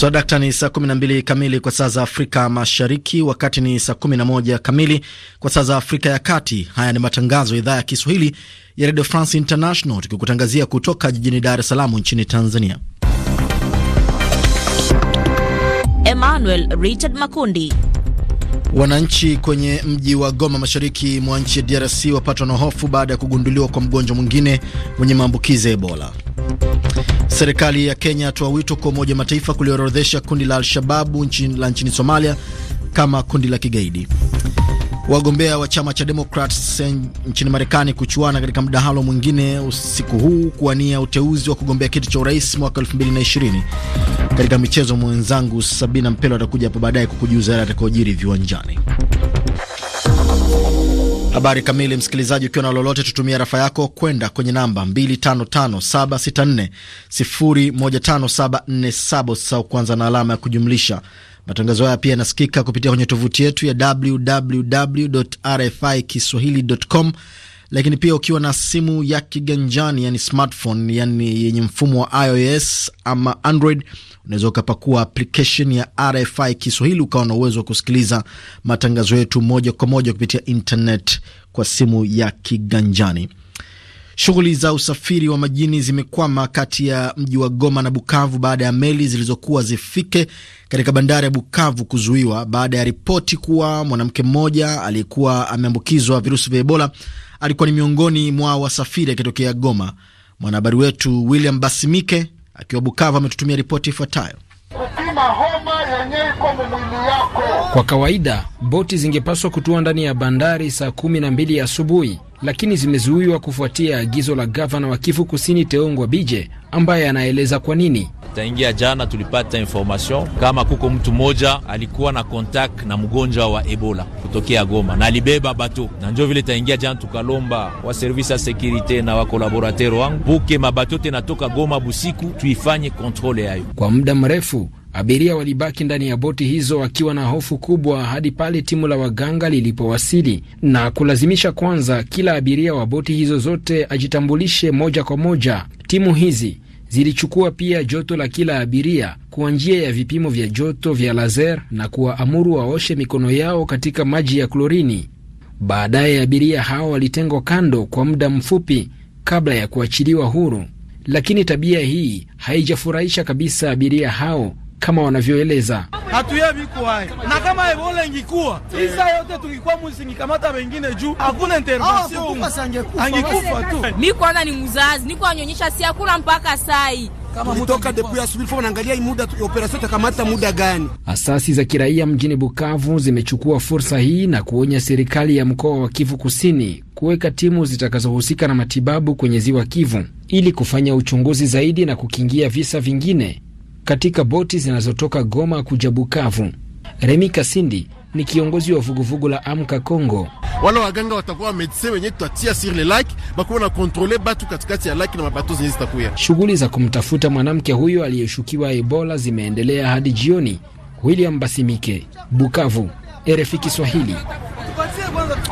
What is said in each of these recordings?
So, dakta ni saa 12 kamili kwa saa za Afrika Mashariki, wakati ni saa 11 kamili kwa saa za Afrika ya Kati. Haya ni matangazo ya idhaa ya Kiswahili ya Radio France International, tukikutangazia kutoka jijini Dar es Salaam nchini Tanzania. Emmanuel Richard Makundi. Wananchi kwenye mji wa Goma mashariki mwa nchi ya DRC wapatwa na hofu baada ya kugunduliwa kwa mgonjwa mwingine mwenye maambukizi ya Ebola. Serikali ya Kenya yatoa wito kwa Umoja Mataifa kuliorodhesha kundi la Al-Shababu la nchini Somalia kama kundi la kigaidi. Wagombea wa chama cha Democrats nchini Marekani kuchuana katika mdahalo mwingine usiku huu kuwania uteuzi wa kugombea kiti cha urais mwaka 2020. Katika michezo, mwenzangu Sabina Mpelo atakuja hapo baadaye kukujuza yale atakayojiri viwanjani. Habari kamili, msikilizaji, ukiwa na lolote, tutumia rafa yako kwenda kwenye namba 255764015747 sau kwanza na alama ya kujumlisha Matangazo haya pia yanasikika kupitia kwenye tovuti yetu ya www RFI kiswahili.com, lakini pia ukiwa na simu ya kiganjani yani smartphone, yani yenye mfumo wa iOS ama Android, unaweza ukapakua application ya RFI Kiswahili ukawa na uwezo wa kusikiliza matangazo yetu moja kwa moja kupitia internet kwa simu ya kiganjani. Shughuli za usafiri wa majini zimekwama kati ya mji wa Goma na Bukavu baada ya meli zilizokuwa zifike katika bandari ya Bukavu kuzuiwa baada ya ripoti kuwa mwanamke mmoja aliyekuwa ameambukizwa virusi vya Ebola alikuwa ni miongoni mwa wasafiri akitokea Goma. Mwanahabari wetu William Basimike akiwa Bukavu ametutumia ripoti ifuatayo kama homa yenyewe iko mwili yako. Kwa kawaida boti zingepaswa kutua ndani ya bandari saa kumi na mbili asubuhi lakini zimezuiwa kufuatia agizo la gavana wa Kivu Kusini Teongwa Bije, ambaye anaeleza kwa nini. Taingia jana tulipata information kama kuko mtu mmoja alikuwa na kontak na mgonjwa wa Ebola kutokea Goma na alibeba bato, na njo vile taingia jana tukalomba wa service ya sekurite na wakolaboratero wangu puke mabato tenatoka Goma busiku tuifanye kontrole yayo kwa muda mrefu. Abiria walibaki ndani ya boti hizo wakiwa na hofu kubwa hadi pale timu la waganga lilipowasili na kulazimisha kwanza kila abiria wa boti hizo zote ajitambulishe moja kwa moja. Timu hizi zilichukua pia joto la kila abiria kwa njia ya vipimo vya joto vya laser na kuwaamuru waoshe mikono yao katika maji ya klorini. Baadaye abiria hao walitengwa kando kwa muda mfupi kabla ya kuachiliwa huru, lakini tabia hii haijafurahisha kabisa abiria hao kama wanavyoeleza. hatuyevi iko hai na kama ebola ingikuwa isa yote tulikuwa musingikamata wengine juu hakuna intervention ah, angekufa tu. Mi kwanza ni mzazi, niko anyonyesha si mpaka sai Asasi za kiraia mjini Bukavu zimechukua fursa hii na kuonya serikali ya mkoa wa Kivu Kusini kuweka timu zitakazohusika na matibabu kwenye ziwa Kivu ili kufanya uchunguzi zaidi na kukingia visa vingine katika boti zinazotoka Goma kuja Bukavu. Remi Kasindi ni kiongozi wa vuguvugu la Amka Kongo. Wala waganga watakuwa wamedise wenye tutatia sur le lak bakuwa na kontrole batu katikati ya laki na mabato zenye zitakuya. Shughuli za kumtafuta mwanamke huyo aliyeshukiwa Ebola zimeendelea hadi jioni. William Basimike, Bukavu. RFI Kiswahili.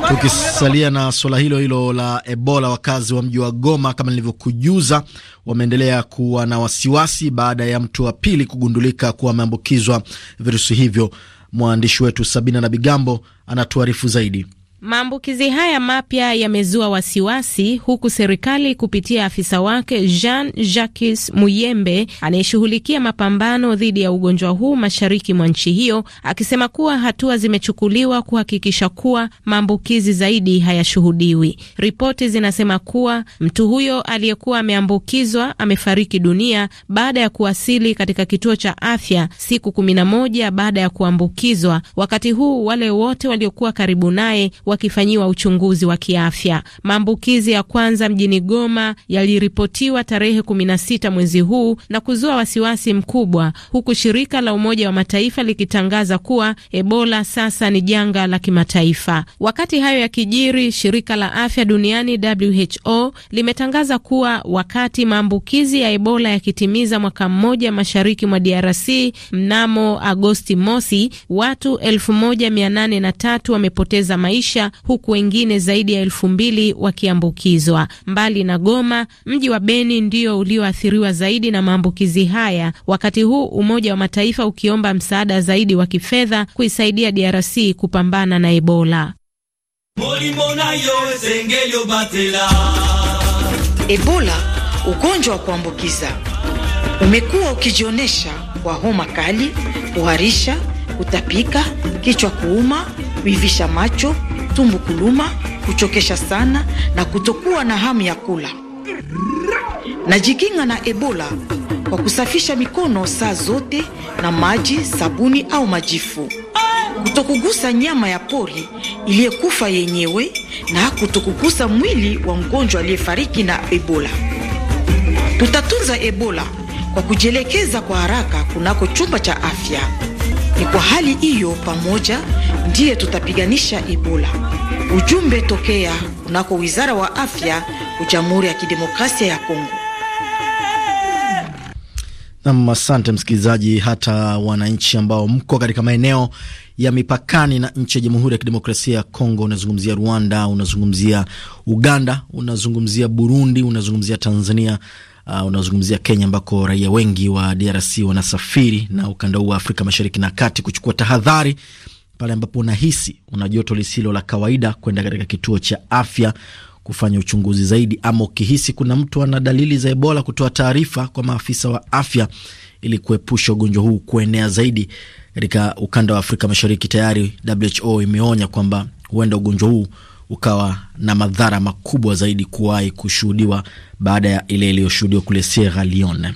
Tukisalia na suala hilo hilo la Ebola, wakazi wa mji wa Goma kama nilivyokujuza, wameendelea kuwa na wasiwasi baada ya mtu wa pili kugundulika kuwa ameambukizwa virusi hivyo. Mwandishi wetu Sabina na Bigambo anatuarifu zaidi. Maambukizi haya mapya yamezua wasiwasi huku serikali kupitia afisa wake Jean Jacques Muyembe anayeshughulikia mapambano dhidi ya ugonjwa huu mashariki mwa nchi hiyo akisema kuwa hatua zimechukuliwa kuhakikisha kuwa maambukizi zaidi hayashuhudiwi. Ripoti zinasema kuwa mtu huyo aliyekuwa ameambukizwa amefariki dunia baada ya kuwasili katika kituo cha afya siku kumi na moja baada ya kuambukizwa. Wakati huu wale wote waliokuwa karibu naye wakifanyiwa uchunguzi wa kiafya. Maambukizi ya kwanza mjini Goma yaliripotiwa tarehe 16 mwezi huu na kuzua wasiwasi mkubwa, huku shirika la Umoja wa Mataifa likitangaza kuwa Ebola sasa ni janga la kimataifa. Wakati hayo yakijiri, shirika la afya duniani WHO limetangaza kuwa wakati maambukizi ya Ebola yakitimiza mwaka mmoja mashariki mwa DRC mnamo Agosti mosi, watu 1803 wamepoteza maisha maisha huku wengine zaidi ya elfu mbili wakiambukizwa. Mbali na Goma, mji wa Beni ndio ulioathiriwa zaidi na maambukizi haya, wakati huu Umoja wa Mataifa ukiomba msaada zaidi wa kifedha kuisaidia DRC kupambana na Ebola. Ebola, ugonjwa wa kuambukiza umekuwa ukijionyesha kwa homa kali, kuharisha, kutapika, kichwa kuuma, kuivisha macho tumbo kuluma, kuchokesha sana na kutokuwa na hamu ya kula. Najikinga na Ebola kwa kusafisha mikono saa zote na maji, sabuni au majifu, kutokugusa nyama ya pori iliyekufa yenyewe na kutokugusa mwili wa mgonjwa aliyefariki na Ebola. Tutatunza Ebola kwa kujielekeza kwa haraka kunako chumba cha afya. Ni kwa hali hiyo, pamoja ndiye tutapiganisha Ebola. Ujumbe tokea kunako Wizara wa Afya Jamhuri ya Kidemokrasia ya Kongo. Nam, asante msikilizaji. Hata wananchi ambao mko katika maeneo ya mipakani na nchi ya Jamhuri ya Kidemokrasia ya Kongo, unazungumzia Rwanda, unazungumzia Uganda, unazungumzia Burundi, unazungumzia Tanzania, uh, unazungumzia Kenya ambako raia wengi wa DRC wanasafiri na ukanda huu wa Afrika Mashariki na Kati kuchukua tahadhari pale ambapo unahisi una joto lisilo la kawaida, kwenda katika kituo cha afya kufanya uchunguzi zaidi, ama ukihisi kuna mtu ana dalili za Ebola, kutoa taarifa kwa maafisa wa afya ili kuepusha ugonjwa huu kuenea zaidi katika ukanda wa Afrika Mashariki. Tayari WHO imeonya kwamba huenda ugonjwa huu ukawa na madhara makubwa zaidi kuwahi kushuhudiwa baada ya ile iliyoshuhudiwa kule Sierra Leone.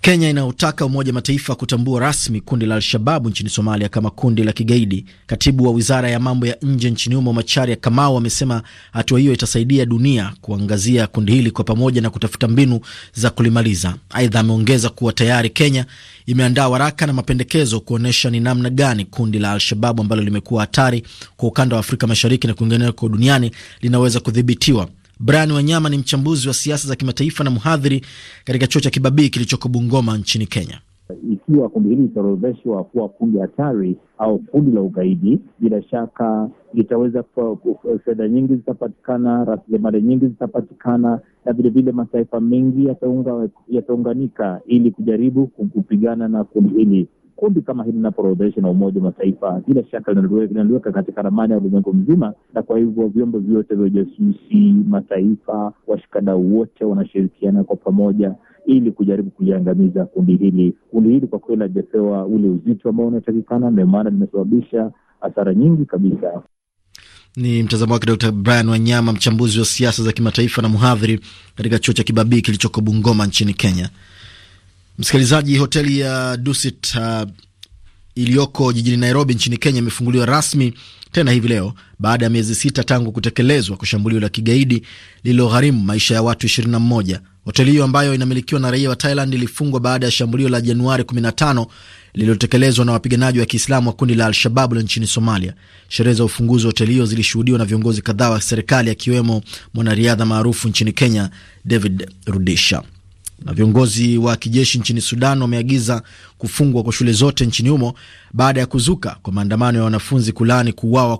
Kenya inayotaka Umoja Mataifa kutambua rasmi kundi la Al-Shababu nchini Somalia kama kundi la kigaidi. Katibu wa wizara ya mambo ya nje nchini humo Macharia Kamau amesema hatua hiyo itasaidia dunia kuangazia kundi hili kwa pamoja na kutafuta mbinu za kulimaliza. Aidha, ameongeza kuwa tayari Kenya imeandaa waraka na mapendekezo kuonyesha ni namna gani kundi la Al-Shababu ambalo limekuwa hatari kwa ukanda wa Afrika Mashariki na kwingineko duniani linaweza kudhibitiwa. Brian Wanyama ni mchambuzi wa siasa za kimataifa na mhadhiri katika chuo cha Kibabii kilichoko Bungoma nchini Kenya. Ikiwa kundi hili litaorodheshwa kuwa kundi hatari au kundi la ugaidi, bila shaka litaweza, fedha nyingi zitapatikana, rasilimali nyingi zitapatikana, na vilevile mataifa mengi yataunga, yataunganika ili kujaribu kupigana na kundi hili kundi kama hili linapoorodheshwa na Umoja wa Mataifa, bila shaka linaliweka katika ramani ya ulimwengu mzima, na kwa hivyo vyombo vyote vya ujasusi, mataifa, washikadau wote wanashirikiana kwa pamoja ili kujaribu kuliangamiza kundi hili. Kundi hili kwa kweli halijapewa ule uzito ambao unatakikana, ndio maana limesababisha hasara nyingi kabisa. Ni mtazamo wake Dr Brian Wanyama, mchambuzi wa siasa za kimataifa na mhadhiri katika chuo cha Kibabii kilichoko Bungoma nchini Kenya. Msikilizaji, hoteli ya Dusit uh, iliyoko jijini Nairobi nchini Kenya imefunguliwa rasmi tena hivi leo baada ya miezi sita tangu kutekelezwa kwa shambulio la kigaidi lililogharimu maisha ya watu 21. Hoteli hiyo ambayo inamilikiwa na raia wa Thailand ilifungwa baada ya shambulio la Januari 15 lililotekelezwa na wapiganaji wa Kiislamu wa kundi la Al-Shababu la nchini Somalia. Sherehe za ufunguzi wa hoteli hiyo zilishuhudiwa na viongozi kadhaa wa serikali akiwemo mwanariadha maarufu nchini Kenya David Rudisha na viongozi wa kijeshi nchini Sudan wameagiza kufungwa kwa shule zote nchini humo baada ya kuzuka kwa maandamano ya wanafunzi kulani kuuawa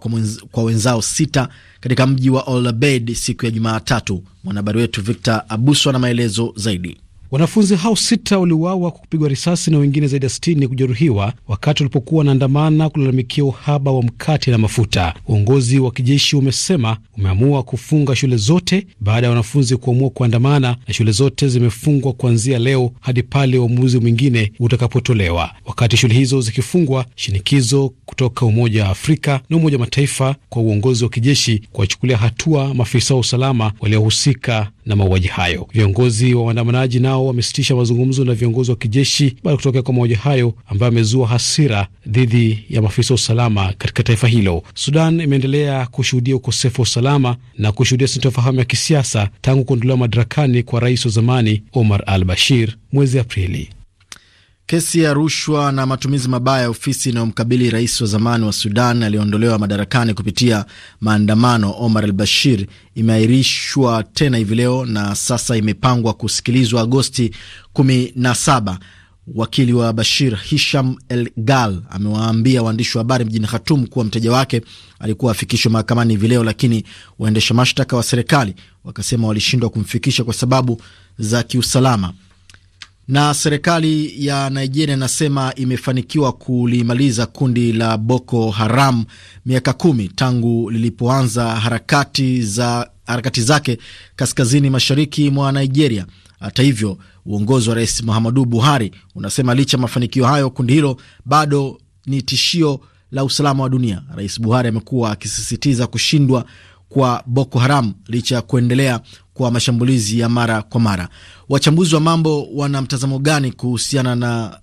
kwa wenzao sita katika mji wa Olabed siku ya Jumatatu. Mwanahabari wetu Victor Abuso ana maelezo zaidi. Wanafunzi hao sita waliuawa kwa kupigwa risasi na wengine zaidi ya sitini kujeruhiwa wakati walipokuwa wanaandamana kulalamikia uhaba wa mkate na mafuta. Uongozi wa kijeshi umesema umeamua kufunga shule zote baada ya wanafunzi kuamua kuandamana, na shule zote zimefungwa kuanzia leo hadi pale uamuzi mwingine utakapotolewa. Wakati shule hizo zikifungwa, shinikizo kutoka Umoja wa Afrika na Umoja wa Mataifa kwa uongozi wa kijeshi kuwachukulia hatua maafisa wa usalama waliohusika na mauaji hayo. Viongozi wa waandamanaji nao nao wamesitisha mazungumzo na viongozi wa kijeshi baada ya kutokea kwa mauaji hayo ambayo amezua hasira dhidi ya maafisa wa usalama katika taifa hilo. Sudan imeendelea kushuhudia ukosefu wa usalama na kushuhudia sintofahamu ya kisiasa tangu kuondolewa madarakani kwa rais wa zamani Omar al Bashir mwezi Aprili. Kesi ya rushwa na matumizi mabaya ya ofisi inayomkabili rais wa zamani wa Sudan aliyeondolewa madarakani kupitia maandamano Omar al Bashir imeahirishwa tena hivi leo na sasa imepangwa kusikilizwa Agosti 17. Wakili wa Bashir Hisham El Gal amewaambia waandishi wa habari mjini Khartoum kuwa mteja wake alikuwa afikishwe mahakamani hivi leo, lakini waendesha mashtaka wa serikali wakasema walishindwa kumfikisha kwa sababu za kiusalama. Na serikali ya Nigeria inasema imefanikiwa kulimaliza kundi la Boko Haram miaka kumi tangu lilipoanza harakati za harakati zake kaskazini mashariki mwa Nigeria. Hata hivyo, uongozi wa Rais Muhammadu Buhari unasema licha ya mafanikio hayo, kundi hilo bado ni tishio la usalama wa dunia. Rais Buhari amekuwa akisisitiza kushindwa kwa Boko Haram licha ya kuendelea kwa mashambulizi ya mara kwa mara. Wachambuzi wa mambo wana mtazamo gani kuhusiana na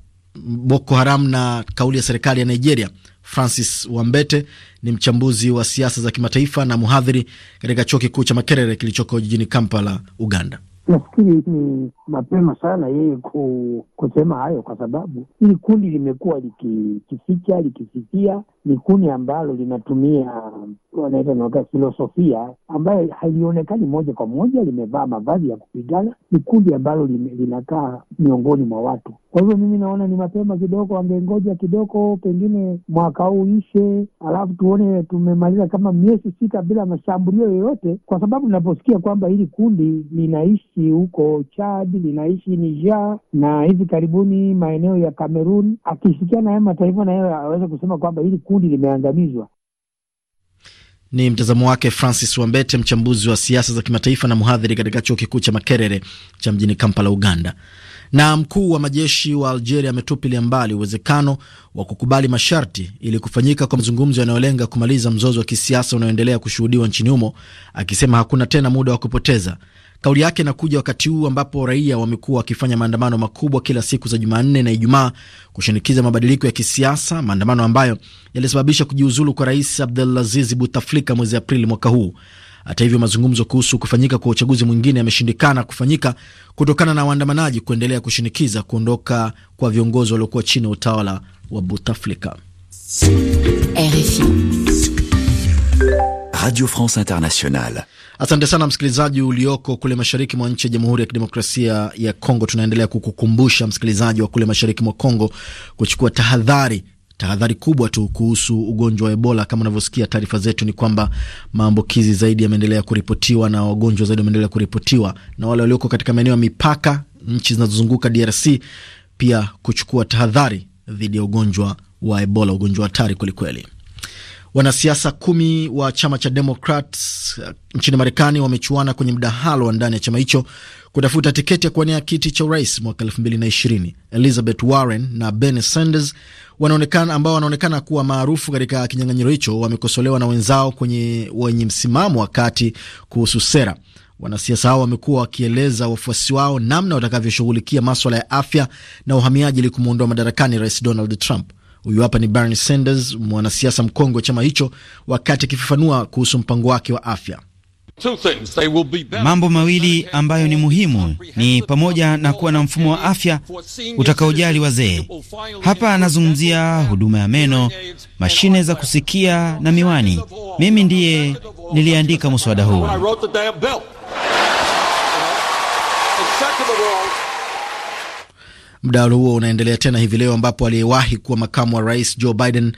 Boko Haram na kauli ya serikali ya Nigeria? Francis Wambete ni mchambuzi wa siasa za kimataifa na mhadhiri katika chuo kikuu cha Makerere kilichoko jijini Kampala, Uganda. Nafikiri ni mapema sana yeye ku, kusema hayo, kwa sababu hili kundi limekuwa likificha likifikia Ni kundi ambalo linatumia wanaita naoka filosofia ambayo halionekani moja kwa moja, limevaa mavazi ya kupigana. Ni kundi ambalo linakaa miongoni mwa watu kwa hivyo mimi naona ni mapema kidogo, angengoja kidogo, pengine mwaka huu ishe, alafu tuone tumemaliza kama miezi sita bila mashambulio yoyote, kwa sababu naposikia kwamba hili kundi linaishi huko Chad, linaishi Nija na hivi karibuni maeneo ya Kamerun, akishirikiana haya mataifa yeye aweze kusema kwamba hili kundi limeangamizwa. Ni mtazamo wake Francis Wambete, mchambuzi wa siasa za kimataifa na mhadhiri katika chuo kikuu cha Makerere cha mjini Kampala, Uganda. Na mkuu wa majeshi wa Algeria ametupilia mbali uwezekano wa kukubali masharti ili kufanyika kwa mazungumzo yanayolenga kumaliza mzozo wa kisiasa unaoendelea kushuhudiwa nchini humo, akisema hakuna tena muda wa kupoteza. Kauli yake inakuja wakati huu ambapo raia wamekuwa wakifanya maandamano makubwa kila siku za Jumanne na Ijumaa kushinikiza mabadiliko ya kisiasa, maandamano ambayo yalisababisha kujiuzulu kwa rais Abdelaziz Butaflika mwezi Aprili mwaka huu. Hata hivyo, mazungumzo kuhusu kufanyika kwa uchaguzi mwingine yameshindikana kufanyika kutokana na waandamanaji kuendelea kushinikiza kuondoka kwa viongozi waliokuwa chini ya utawala wa Bouteflika. Radio France Internationale. Asante sana msikilizaji ulioko kule mashariki mwa nchi ya Jamhuri ya Kidemokrasia ya Kongo. Tunaendelea kukukumbusha msikilizaji wa kule mashariki mwa Kongo kuchukua tahadhari tahadhari kubwa tu kuhusu ugonjwa wa Ebola. Kama unavyosikia taarifa zetu, ni kwamba maambukizi zaidi yameendelea kuripotiwa na wagonjwa zaidi wameendelea kuripotiwa, na wale walioko katika maeneo ya mipaka nchi zinazozunguka DRC pia kuchukua tahadhari dhidi ya ugonjwa wa Ebola, ugonjwa hatari kwelikweli. Wanasiasa kumi wa chama cha Democrats eh, nchini Marekani wamechuana kwenye mdahalo wa ndani ya chama hicho kutafuta tiketi ya kuwania kiti cha urais mwaka ishirini. Elizabeth Warren na Bernie Sanders wanaonekana ambao wanaonekana kuwa maarufu katika kinyang'anyiro hicho wamekosolewa na wenzao kwenye wenye msimamo wa kati kuhusu sera. Wanasiasa hao wamekuwa wakieleza wafuasi wao namna watakavyoshughulikia maswala ya afya na uhamiaji ili kumwondoa madarakani rais Donald Trump. Huyu hapa ni Bernie Sanders, mwanasiasa mkongwe wa chama hicho, wakati akifafanua kuhusu mpango wake wa afya. Mambo mawili ambayo ni muhimu ni pamoja na kuwa na mfumo wa afya utakaojali wazee. Hapa anazungumzia huduma ya meno, mashine za kusikia na miwani. Mimi ndiye niliandika muswada huu. Mdahalo huo unaendelea tena hivi leo ambapo aliyewahi kuwa makamu wa rais Joe Biden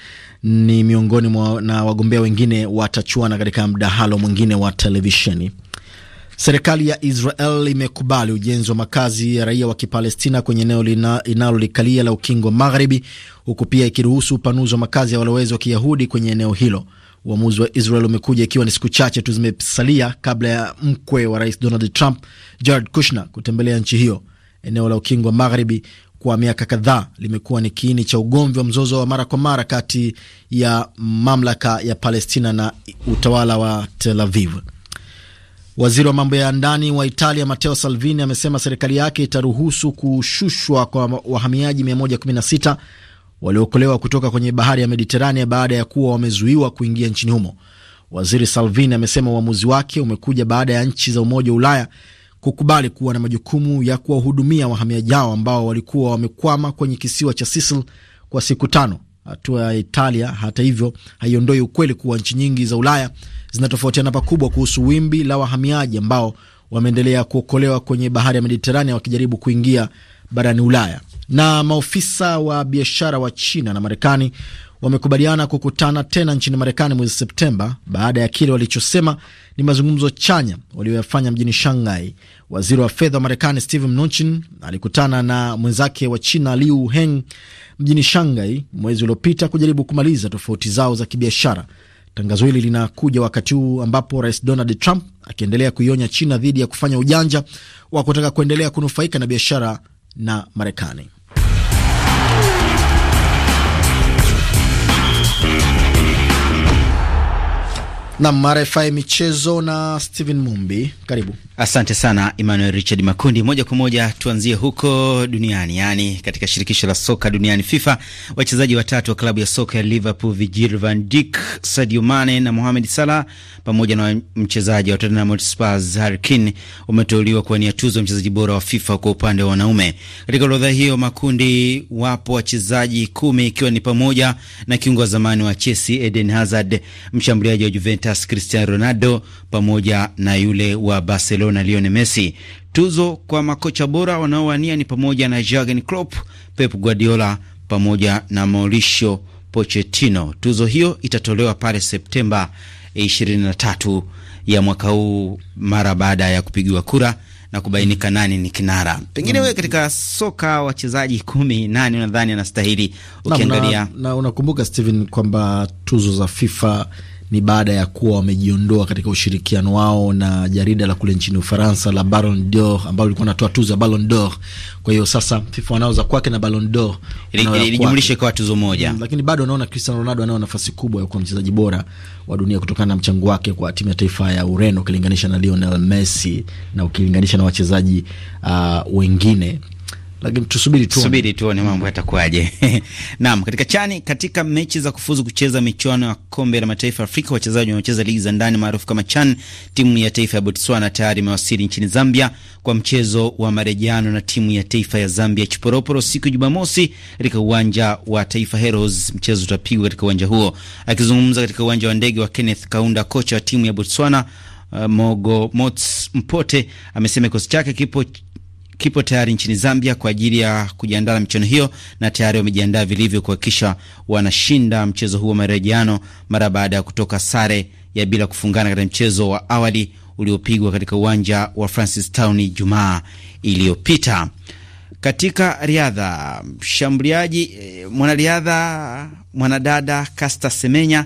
ni miongoni mwa na wagombea wengine watachuana katika mdahalo mwingine wa televisheni. Serikali ya Israel imekubali ujenzi wa makazi ya raia wa Kipalestina kwenye eneo linalolikalia la ukingo Magharibi, huku pia ikiruhusu upanuzi wa makazi ya walowezi wa Kiyahudi kwenye eneo hilo. Uamuzi wa Israel umekuja ikiwa ni siku chache tu zimesalia kabla ya mkwe wa rais Donald Trump, Jared Kushner, kutembelea nchi hiyo eneo la ukingo wa magharibi kwa miaka kadhaa limekuwa ni kiini cha ugomvi wa mzozo wa mara kwa mara kati ya mamlaka ya Palestina na utawala wa Tel Aviv. Waziri wa mambo ya ndani wa Italia Matteo Salvini amesema serikali yake itaruhusu kushushwa kwa wahamiaji 116 waliookolewa kutoka kwenye bahari ya Mediterania baada ya kuwa wamezuiwa kuingia nchini humo. Waziri Salvini amesema uamuzi wake umekuja baada ya nchi za Umoja wa Ulaya kukubali kuwa na majukumu ya kuwahudumia wahamiaji hao ambao walikuwa wamekwama kwenye kisiwa cha Sicily kwa siku tano. Hatua ya Italia hata hivyo haiondoi ukweli kuwa nchi nyingi za Ulaya zinatofautiana pakubwa kuhusu wimbi la wahamiaji ambao wameendelea kuokolewa kwenye bahari ya Mediterania wakijaribu kuingia barani Ulaya. Na maofisa wa biashara wa China na Marekani wamekubaliana kukutana tena nchini Marekani mwezi Septemba baada ya kile walichosema ni mazungumzo chanya walioyafanya mjini Shanghai. Waziri wa fedha wa Marekani Steve Mnuchin alikutana na mwenzake wa China Liu Heng mjini Shanghai mwezi uliopita kujaribu kumaliza tofauti zao za kibiashara. Tangazo hili linakuja wakati huu ambapo Rais Donald Trump akiendelea kuionya China dhidi ya kufanya ujanja wa kutaka kuendelea kunufaika na biashara na Marekani. Nam RFI michezo na Steven Mumbi, karibu. Asante sana Emmanuel Richard Makundi. Moja kwa moja tuanzie huko duniani, yani katika shirikisho la soka duniani FIFA, wachezaji watatu wa klabu ya soka ya Liverpool, Virgil van Dijk, Sadio Mane na Mohamed Salah, pamoja na mchezaji wa Tottenham Hotspur Harry Kane umeteuliwa kuwania tuzo ya mchezaji bora wa FIFA kwa upande wa wanaume. Katika orodha hiyo makundi, wapo wachezaji kumi ikiwa ni pamoja na kiungo wa zamani wa Chelsea Eden Hazard, mshambuliaji wa Juventus Cristiano Ronaldo, pamoja na yule wa Barcelona Barcelona Lionel Messi. Tuzo kwa makocha bora wanaowania ni pamoja na Jurgen Klopp, Pep Guardiola pamoja na Mauricio Pochettino. Tuzo hiyo itatolewa pale Septemba 23 ya mwaka huu mara baada ya kupigiwa kura na kubainika nani ni kinara. Pengine mm. wewe mm, katika soka wachezaji kumi nani unadhani anastahili ukiangalia? Na, na, na unakumbuka Steven kwamba tuzo za FIFA ni baada ya kuwa wamejiondoa katika ushirikiano wao na jarida la kule nchini Ufaransa la Ballon d'Or ambalo likuwa natoa tuzo ya Ballon d'Or. Kwa hiyo sasa FIFA wanao za kwake na Ballon d'Or ilijumlishe kwa tuzo moja, mm, lakini bado wanaona Cristiano Ronaldo anao nafasi kubwa ya kuwa mchezaji bora wa dunia kutokana na mchango wake kwa timu ya taifa ya Ureno ukilinganisha na Lionel Messi na ukilinganisha na wachezaji uh, wengine lakini tusubiri tuone, subiri tuone mambo yatakuwaje. Naam, katika chani, katika mechi za kufuzu kucheza michuano ya kombe la mataifa Afrika, wachezaji wanaocheza ligi za ndani maarufu kama CHAN, timu ya taifa ya Botswana tayari imewasili nchini Zambia kwa mchezo wa marejeano na timu ya taifa ya Zambia Chiporoporo siku ya Jumamosi katika uwanja wa Taifa Heroes. Mchezo utapigwa katika uwanja huo. Akizungumza katika uwanja wa ndege wa Kenneth Kaunda, kocha wa timu ya Botswana Uh, Mogo Mots Mpote amesema kikosi chake kipo kipo tayari nchini Zambia kwa ajili ya kujiandaa na michuano hiyo, na tayari wamejiandaa vilivyo kuhakikisha wanashinda mchezo huo marejeano mara baada ya kutoka sare ya bila kufungana katika mchezo wa awali uliopigwa katika uwanja wa Francis Town Jumaa iliyopita. Katika riadha, mshambuliaji eh, mwanariadha mwanadada Kasta Semenya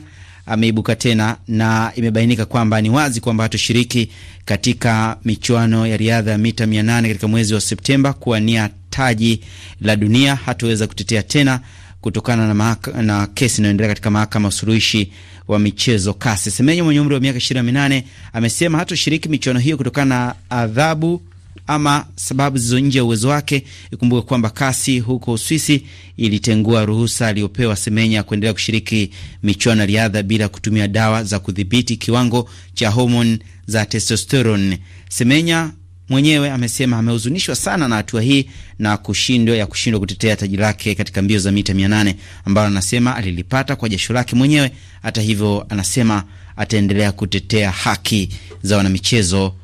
ameibuka tena na imebainika kwamba ni wazi kwamba hatoshiriki katika michuano ya riadha ya mita 800 katika mwezi wa Septemba kuwania taji la dunia. hatuweza kutetea tena kutokana na, mahaka, na kesi inayoendelea katika mahakama ya usuluhishi wa michezo kasi. Semenyo mwenye umri wa miaka 28 amesema hatoshiriki michuano hiyo kutokana na adhabu ama sababu zilizo nje ya uwezo wake. Ikumbuke kwamba kasi huko Uswisi ilitengua ruhusa aliyopewa Semenya kuendelea kushiriki michuano ya riadha bila kutumia dawa za kudhibiti kiwango cha homoni za testosterone. Semenya mwenyewe amesema amehuzunishwa sana na hatua hii na kushindwa ya kushindwa kutetea taji lake katika mbio za mita 800 ambalo anasema alilipata kwa jasho lake mwenyewe. Hata hivyo, anasema ataendelea kutetea haki za wanamichezo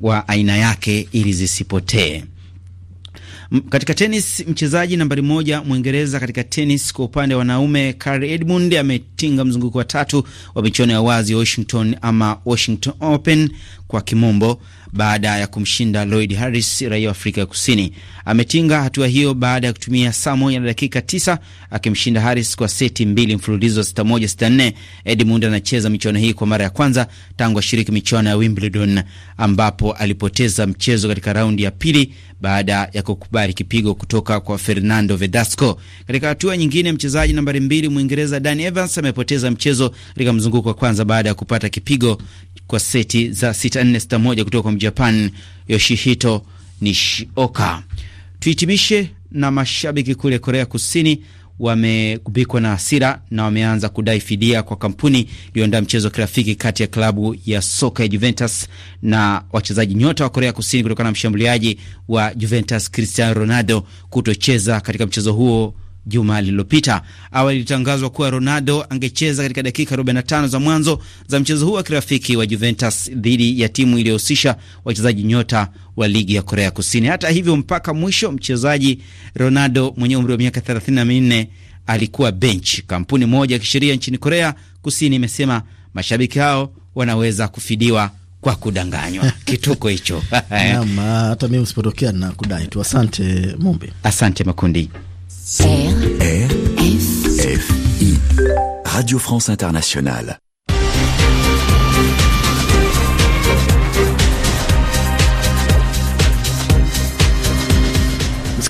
wa aina yake ili zisipotee. Katika tenis, mchezaji nambari moja Mwingereza katika tenis kwa upande wa wanaume Carl Edmund ametinga mzunguko wa tatu wa michuano ya wazi Washington ama Washington Open kwa kimombo, baada ya kumshinda Lloyd Harris, raia wa Afrika ya Kusini. Ametinga hatua hiyo baada ya kutumia saa moja na dakika tisa akimshinda Harris kwa seti mbili mfululizo, sita moja sita nne. Edmund anacheza michuano hii kwa mara ya kwanza tangu ashiriki michuano ya Wimbledon ambapo alipoteza mchezo katika raundi ya pili baada ya kukubali kipigo kutoka kwa Fernando Verdasco. Katika hatua nyingine, mchezaji nambari mbili Mwingereza Dani Evans amepoteza mchezo katika mzunguko wa kwanza baada ya kupata kipigo kwa seti za 6461 kutoka kwa Mjapan Yoshihito Nishioka. Tuhitimishe na mashabiki kule Korea Kusini wamegubikwa na hasira na wameanza kudai fidia kwa kampuni iliyoandaa mchezo wa kirafiki kati ya klabu ya soka ya Juventus na wachezaji nyota wa Korea Kusini kutokana na mshambuliaji wa Juventus Cristiano Ronaldo kutocheza katika mchezo huo juma lililopita. Awali ilitangazwa kuwa Ronaldo angecheza katika dakika 45 za mwanzo za mchezo huu wa kirafiki wa Juventus dhidi ya timu iliyohusisha wachezaji nyota wa ligi ya Korea Kusini. Hata hivyo, mpaka mwisho mchezaji Ronaldo mwenye umri wa miaka 34 alikuwa bench Kampuni moja ya kisheria nchini Korea Kusini imesema mashabiki hao wanaweza kufidiwa kwa kudanganywa. Kituko hicho hata mimi usipotokea na kudai tu. Asante Mumbi, asante Makundi. R, R, F, F, I. Radio France Internationale.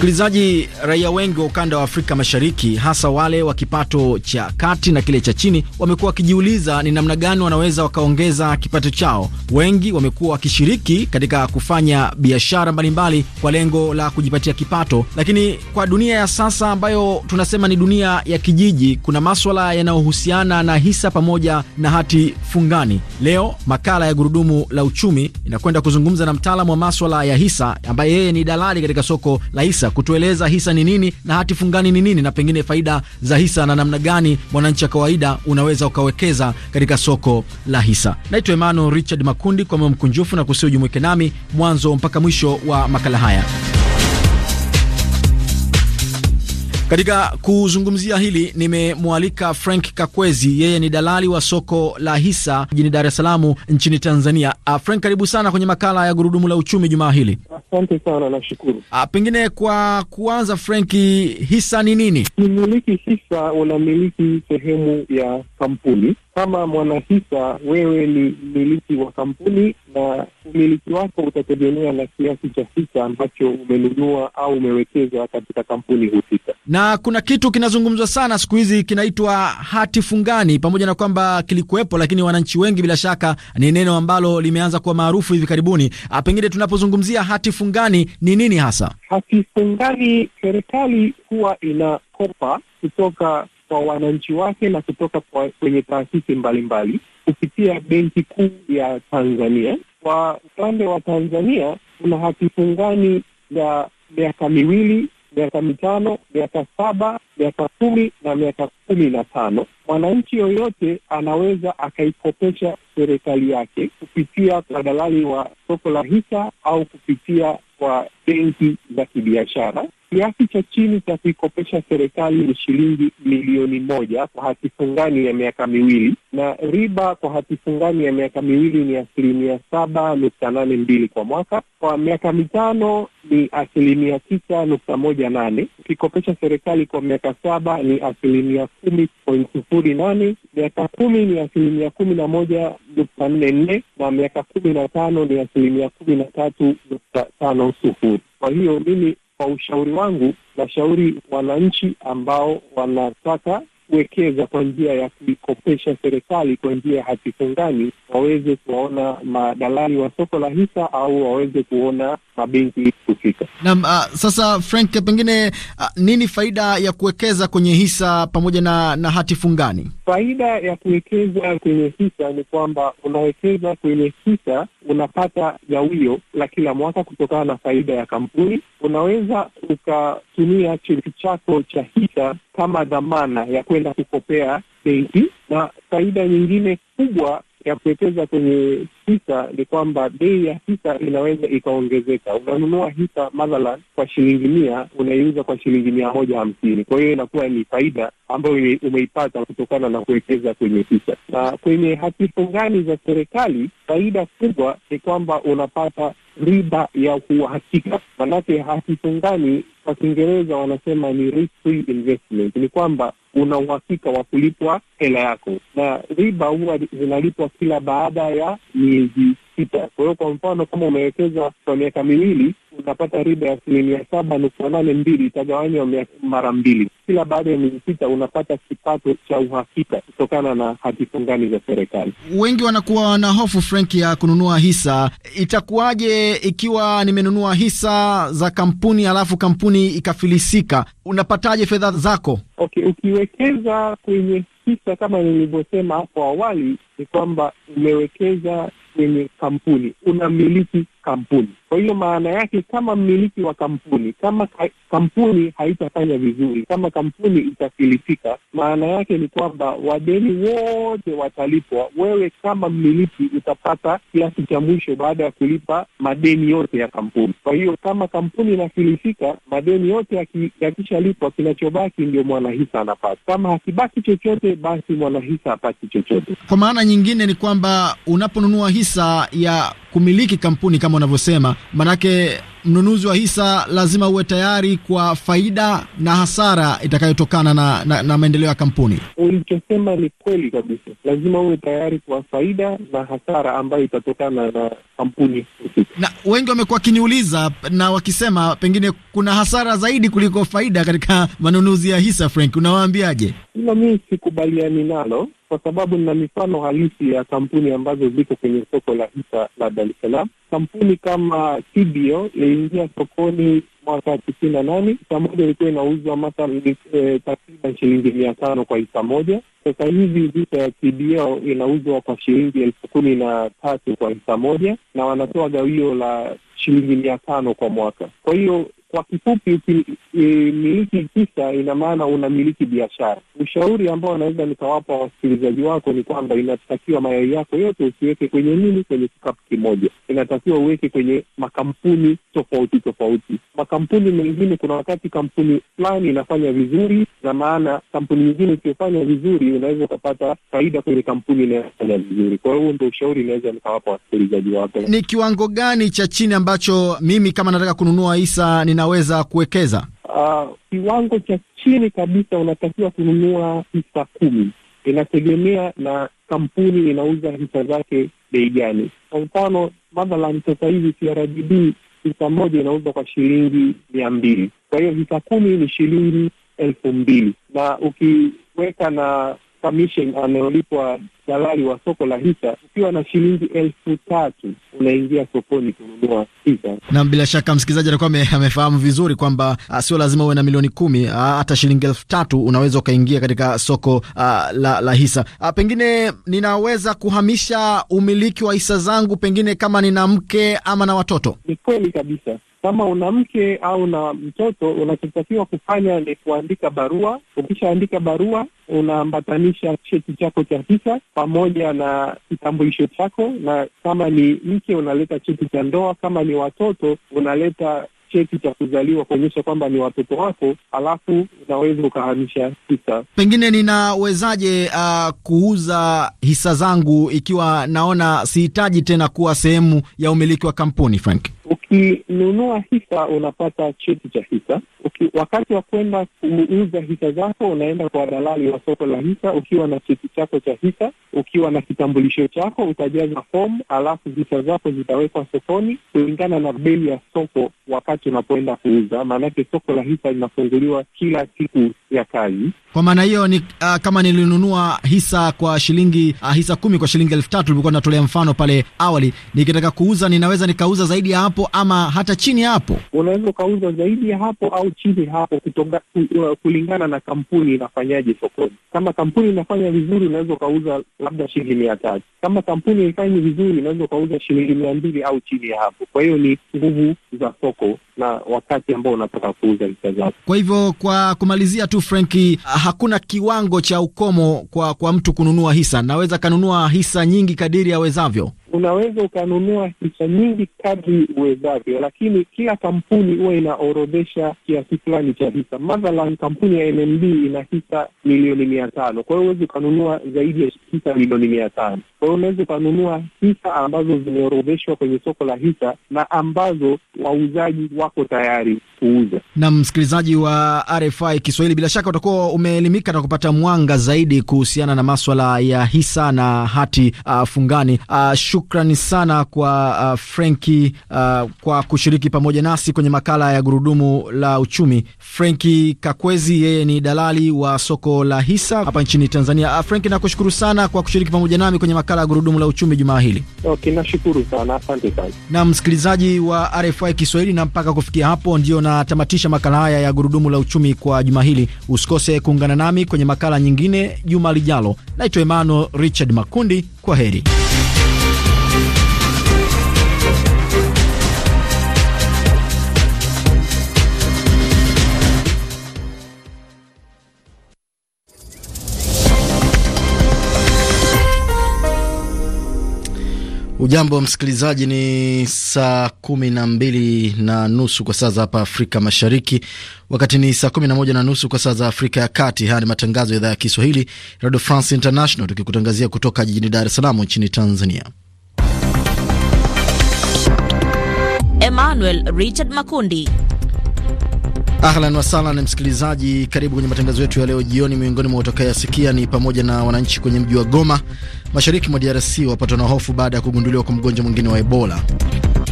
Msikilizaji, raia wengi wa ukanda wa Afrika Mashariki, hasa wale wa kipato cha kati na kile cha chini, wamekuwa wakijiuliza ni namna gani wanaweza wakaongeza kipato chao. Wengi wamekuwa wakishiriki katika kufanya biashara mbalimbali kwa lengo la kujipatia kipato, lakini kwa dunia ya sasa ambayo tunasema ni dunia ya kijiji, kuna maswala yanayohusiana na hisa pamoja na hati fungani. Leo makala ya Gurudumu la Uchumi inakwenda kuzungumza na mtaalamu wa maswala ya hisa ambaye yeye ni dalali katika soko la hisa hisa, kutueleza hisa ni nini na hati fungani ni nini, na pengine faida za hisa na namna gani mwananchi wa kawaida unaweza ukawekeza katika soko la hisa. Naitwa Emmanuel Richard Makundi, kwa moyo mkunjufu na kusii ujumuike nami mwanzo mpaka mwisho wa makala haya. Katika kuzungumzia hili nimemwalika Frank Kakwezi, yeye ni dalali wa soko la hisa jijini Dar es Salaam nchini Tanzania. A, ah, Frank karibu sana kwenye makala ya gurudumu la uchumi jumaa hili. Asante sana, nashukuru. Ah, pengine kwa kuanza, Frank, hisa ni nini? Mmiliki hisa unamiliki sehemu ya kampuni kama mwanahisa wewe ni mmiliki wa kampuni na umiliki wako utategemea na kiasi cha hisa ambacho umenunua au umewekeza katika kampuni husika. Na kuna kitu kinazungumzwa sana siku hizi kinaitwa hati fungani, pamoja na kwamba kilikuwepo, lakini wananchi wengi bila shaka, ni neno ambalo limeanza kuwa maarufu hivi karibuni. Ah, pengine tunapozungumzia hati fungani, ni nini hasa hati fungani? Serikali huwa inakopa kutoka kwa wananchi wake na kutoka kwa kwenye taasisi mbalimbali kupitia Benki Kuu ya Tanzania. Kwa upande wa Tanzania kuna hati fungani ya miaka miwili, miaka mitano, miaka saba, miaka kumi na miaka kumi na tano mwananchi yoyote anaweza akaikopesha serikali yake kupitia kwa dalali wa soko la hisa au kupitia kwa benki za kibiashara. Kiasi cha chini cha kuikopesha serikali ni shilingi milioni moja kwa hatifungani ya miaka miwili, na riba kwa hatifungani ya miaka miwili ni asilimia saba nukta nane mbili kwa mwaka. Kwa miaka mitano ni asilimia tisa nukta moja nane. Ukikopesha serikali kwa miaka saba ni asilimia kumi point sufuri sufuri nane, miaka kumi ni asilimia kumi na moja nukta nne nne na miaka kumi na tano ni asilimia kumi na tatu nukta tano sufuri. Kwa hiyo mimi, kwa ushauri wangu, nashauri wananchi ambao wanataka kuwekeza kwa njia ya kuikopesha serikali kwa njia ya hatifungani, waweze kuwaona madalali wa soko la hisa au waweze kuona mabenki husika. Naam. Uh, sasa Frank, pengine uh, nini faida ya kuwekeza kwenye hisa pamoja na, na hati fungani? Faida ya kuwekeza kwenye hisa ni kwamba unawekeza kwenye hisa, unapata gawio la kila mwaka kutokana na faida ya kampuni. Unaweza ukatumia cheti chako cha hisa kama dhamana ya kwenda kukopea benki, na faida nyingine kubwa ya kuwekeza kwenye hisa ni kwamba bei ya hisa inaweza ikaongezeka. Unanunua hisa mathalan kwa shilingi mia, unaiuza kwa shilingi mia moja hamsini. Kwa hiyo inakuwa ni faida ambayo umeipata kutokana na kuwekeza kwenye hisa. Na kwenye hati fungani za serikali, faida kubwa ni kwamba unapata riba ya uhakika, manake hakifungani Kwa Kiingereza wanasema ni risk-free investment, ni kwamba una uhakika wa kulipwa hela yako, na riba huwa zinalipwa kila baada ya miezi sita. Kwa hiyo kwa mfano, kama umewekeza kwa miaka miwili unapata riba ya asilimia saba nukta nane mbili itagawanywa mara mbili. Kila baada ya miezi sita unapata kipato cha uhakika kutokana na hati fungani za serikali. Wengi wanakuwa na hofu Frank, ya kununua hisa. Itakuwaje ikiwa nimenunua hisa za kampuni alafu kampuni ikafilisika, unapataje fedha zako? Okay, ukiwekeza kwenye hisa kama nilivyosema hapo awali, ni kwamba umewekeza kwenye kampuni unamiliki kampuni. Kwa hiyo maana yake, kama mmiliki wa kampuni, kama kampuni haitafanya vizuri, kama kampuni itafilisika maana yake ni kwamba wadeni wote watalipwa. Wewe kama mmiliki utapata kiasi cha mwisho baada ya kulipa madeni yote ya kampuni. Kwa hiyo kama kampuni inafilisika madeni yote yakishalipwa, kinachobaki ndio mwanahisa anapata. Kama hakibaki chochote, basi mwanahisa hapati chochote. Kwa maana nyingine ni kwamba unaponunua hisa ya kumiliki kampuni kama unavyosema, manake mnunuzi wa hisa lazima uwe tayari kwa faida na hasara itakayotokana na, na, na maendeleo ya kampuni. Ulichosema ni kweli kabisa, lazima uwe tayari kwa faida na hasara ambayo itatokana na kampuni husika. Na wengi wamekuwa wakiniuliza na wakisema pengine kuna hasara zaidi kuliko faida katika manunuzi ya hisa. Frank, unawaambiaje? Ila mii sikubaliani nalo kwa sababu nina mifano halisi ya kampuni ambazo ziko kwenye soko la hisa la Dar es Salaam. Kampuni kama TBO iliingia sokoni mwaka tisini na nane. Hisa moja ilikuwa inauzwa mathalan e, eh, takriban shilingi mia tano kwa hisa moja. Sasa hivi hisa ya TBO inauzwa kwa shilingi elfu kumi na tatu kwa hisa moja, na wanatoa gawio la shilingi mia tano kwa mwaka. Kwa hiyo kwa kifupi, ukimiliki hisa ina maana unamiliki biashara. Ushauri ambao naweza nikawapa wasikilizaji wako ni kwamba inatakiwa mayai yako yote usiweke kwenye nini, kwenye kikapu kimoja. Inatakiwa uweke kwenye makampuni tofauti tofauti. Makampuni mengine, kuna wakati kampuni fulani inafanya vizuri, na maana kampuni nyingine isiyofanya vizuri, unaweza ukapata faida kwenye kampuni inayofanya vizuri. Kwa hiyo huo ndio ushauri inaweza nikawapa wasikilizaji wako. Ni kiwango gani cha chini ambacho mimi kama nataka kununua hisa inaweza kuwekeza? Ah, kiwango uh, cha chini kabisa unatakiwa kununua hisa kumi. Inategemea na kampuni inauza hisa zake bei gani. Kwa mfano mathalan, sasa hivi CRDB hisa moja inauzwa kwa shilingi mia mbili. Kwa hiyo hisa kumi ni shilingi elfu mbili na ukiweka na commission anayolipwa uh, dalali wa soko la hisa. Ukiwa na shilingi elfu tatu unaingia sokoni kununua hisa. Naam, bila shaka msikilizaji alikuwa amefahamu vizuri kwamba uh, sio lazima uwe na milioni kumi, uh, hata shilingi elfu tatu unaweza ukaingia katika soko a, la, la hisa. A, pengine ninaweza kuhamisha umiliki wa hisa zangu, pengine kama nina mke ama na watoto. Ni kweli kabisa, kama una mke au na mtoto, unachotakiwa kufanya ni kuandika barua. Ukishaandika barua, unaambatanisha cheti chako cha visa pamoja na kitambulisho chako, na kama ni mke unaleta cheti cha ndoa, kama ni watoto unaleta cheti cha kuzaliwa kuonyesha kwamba ni watoto wako, alafu unaweza ukahamisha hisa. Pengine ninawezaje uh, kuuza hisa zangu ikiwa naona sihitaji tena kuwa sehemu ya umiliki wa kampuni Frank? Ukinunua hisa unapata cheti cha hisa. Uki, wakati wa kwenda kuuza hisa zako unaenda kwa dalali wa soko la hisa ukiwa na cheti chako cha hisa, ukiwa na kitambulisho chako, utajaza fomu, alafu hisa zako zitawekwa sokoni kulingana na bei ya soko wakati unapoenda kuuza, maanake soko la hisa linafunguliwa kila siku ya kazi. Kwa maana hiyo ni uh, kama nilinunua hisa kwa shilingi uh, hisa kumi kwa shilingi elfu tatu ulikuwa natolea mfano pale awali, nikitaka kuuza ninaweza nikauza zaidi ya hapo ama hata chini ya hapo. Unaweza ukauza zaidi ya hapo au chini ya hapo kutonga, uh, kulingana na kampuni inafanyaje sokoni. Kama kampuni inafanya vizuri, unaweza ukauza labda shilingi mia tatu. Kama kampuni haifanyi vizuri, unaweza ukauza shilingi mia mbili au chini ya hapo. Kwa hiyo ni nguvu za soko na wakati ambao unataka kuuza hisa zako. Kwa hivyo kwa kumalizia tu Franki, uh, hakuna kiwango cha ukomo kwa, kwa mtu kununua hisa. Naweza kanunua hisa nyingi kadiri awezavyo unaweza ukanunua hisa nyingi kadri uwezavyo, lakini kila kampuni huwa inaorodhesha kiasi fulani cha hisa. Mathalan, kampuni ya NMB ina hisa milioni mia tano. Kwa hiyo huwezi ukanunua zaidi ya hisa milioni mia tano. Kwa hiyo unaweza ukanunua hisa ambazo zimeorodheshwa kwenye soko la hisa na ambazo wauzaji wako tayari kuuza. Na msikilizaji wa RFI Kiswahili, bila shaka utakuwa umeelimika na kupata mwanga zaidi kuhusiana na maswala ya hisa na hati uh, fungani uh, shukrani sana kwa uh, Frenki uh, kwa kushiriki pamoja nasi kwenye makala ya gurudumu la uchumi. Frenki Kakwezi, yeye ni dalali wa soko la hisa hapa nchini Tanzania. Uh, Frenki, nakushukuru sana kwa kushiriki pamoja nami kwenye makala ya gurudumu la uchumi jumaa hili. Okay, nashukuru sana, asante sana. Na msikilizaji wa RFI Kiswahili, na mpaka kufikia hapo ndio natamatisha makala haya ya gurudumu la uchumi kwa juma hili. Usikose kuungana nami kwenye makala nyingine juma lijalo. Naitwa Emmanuel Richard Makundi, kwa heri. Ujambo wa msikilizaji, ni saa kumi na mbili na nusu kwa saa za hapa Afrika Mashariki, wakati ni saa kumi na moja na nusu kwa saa za Afrika ya Kati. Haya ni matangazo ya idhaa ya Kiswahili Radio France International, tukikutangazia kutoka jijini Dar es Salaam nchini Tanzania. Emmanuel Richard Makundi. Ahlan wasalan, msikilizaji, karibu kwenye matangazo yetu ya leo jioni. Miongoni mwa utakayoyasikia ni pamoja na wananchi kwenye mji wa Goma Mashariki mwa DRC wapatwa na hofu baada ya kugunduliwa kwa mgonjwa mwingine wa Ebola.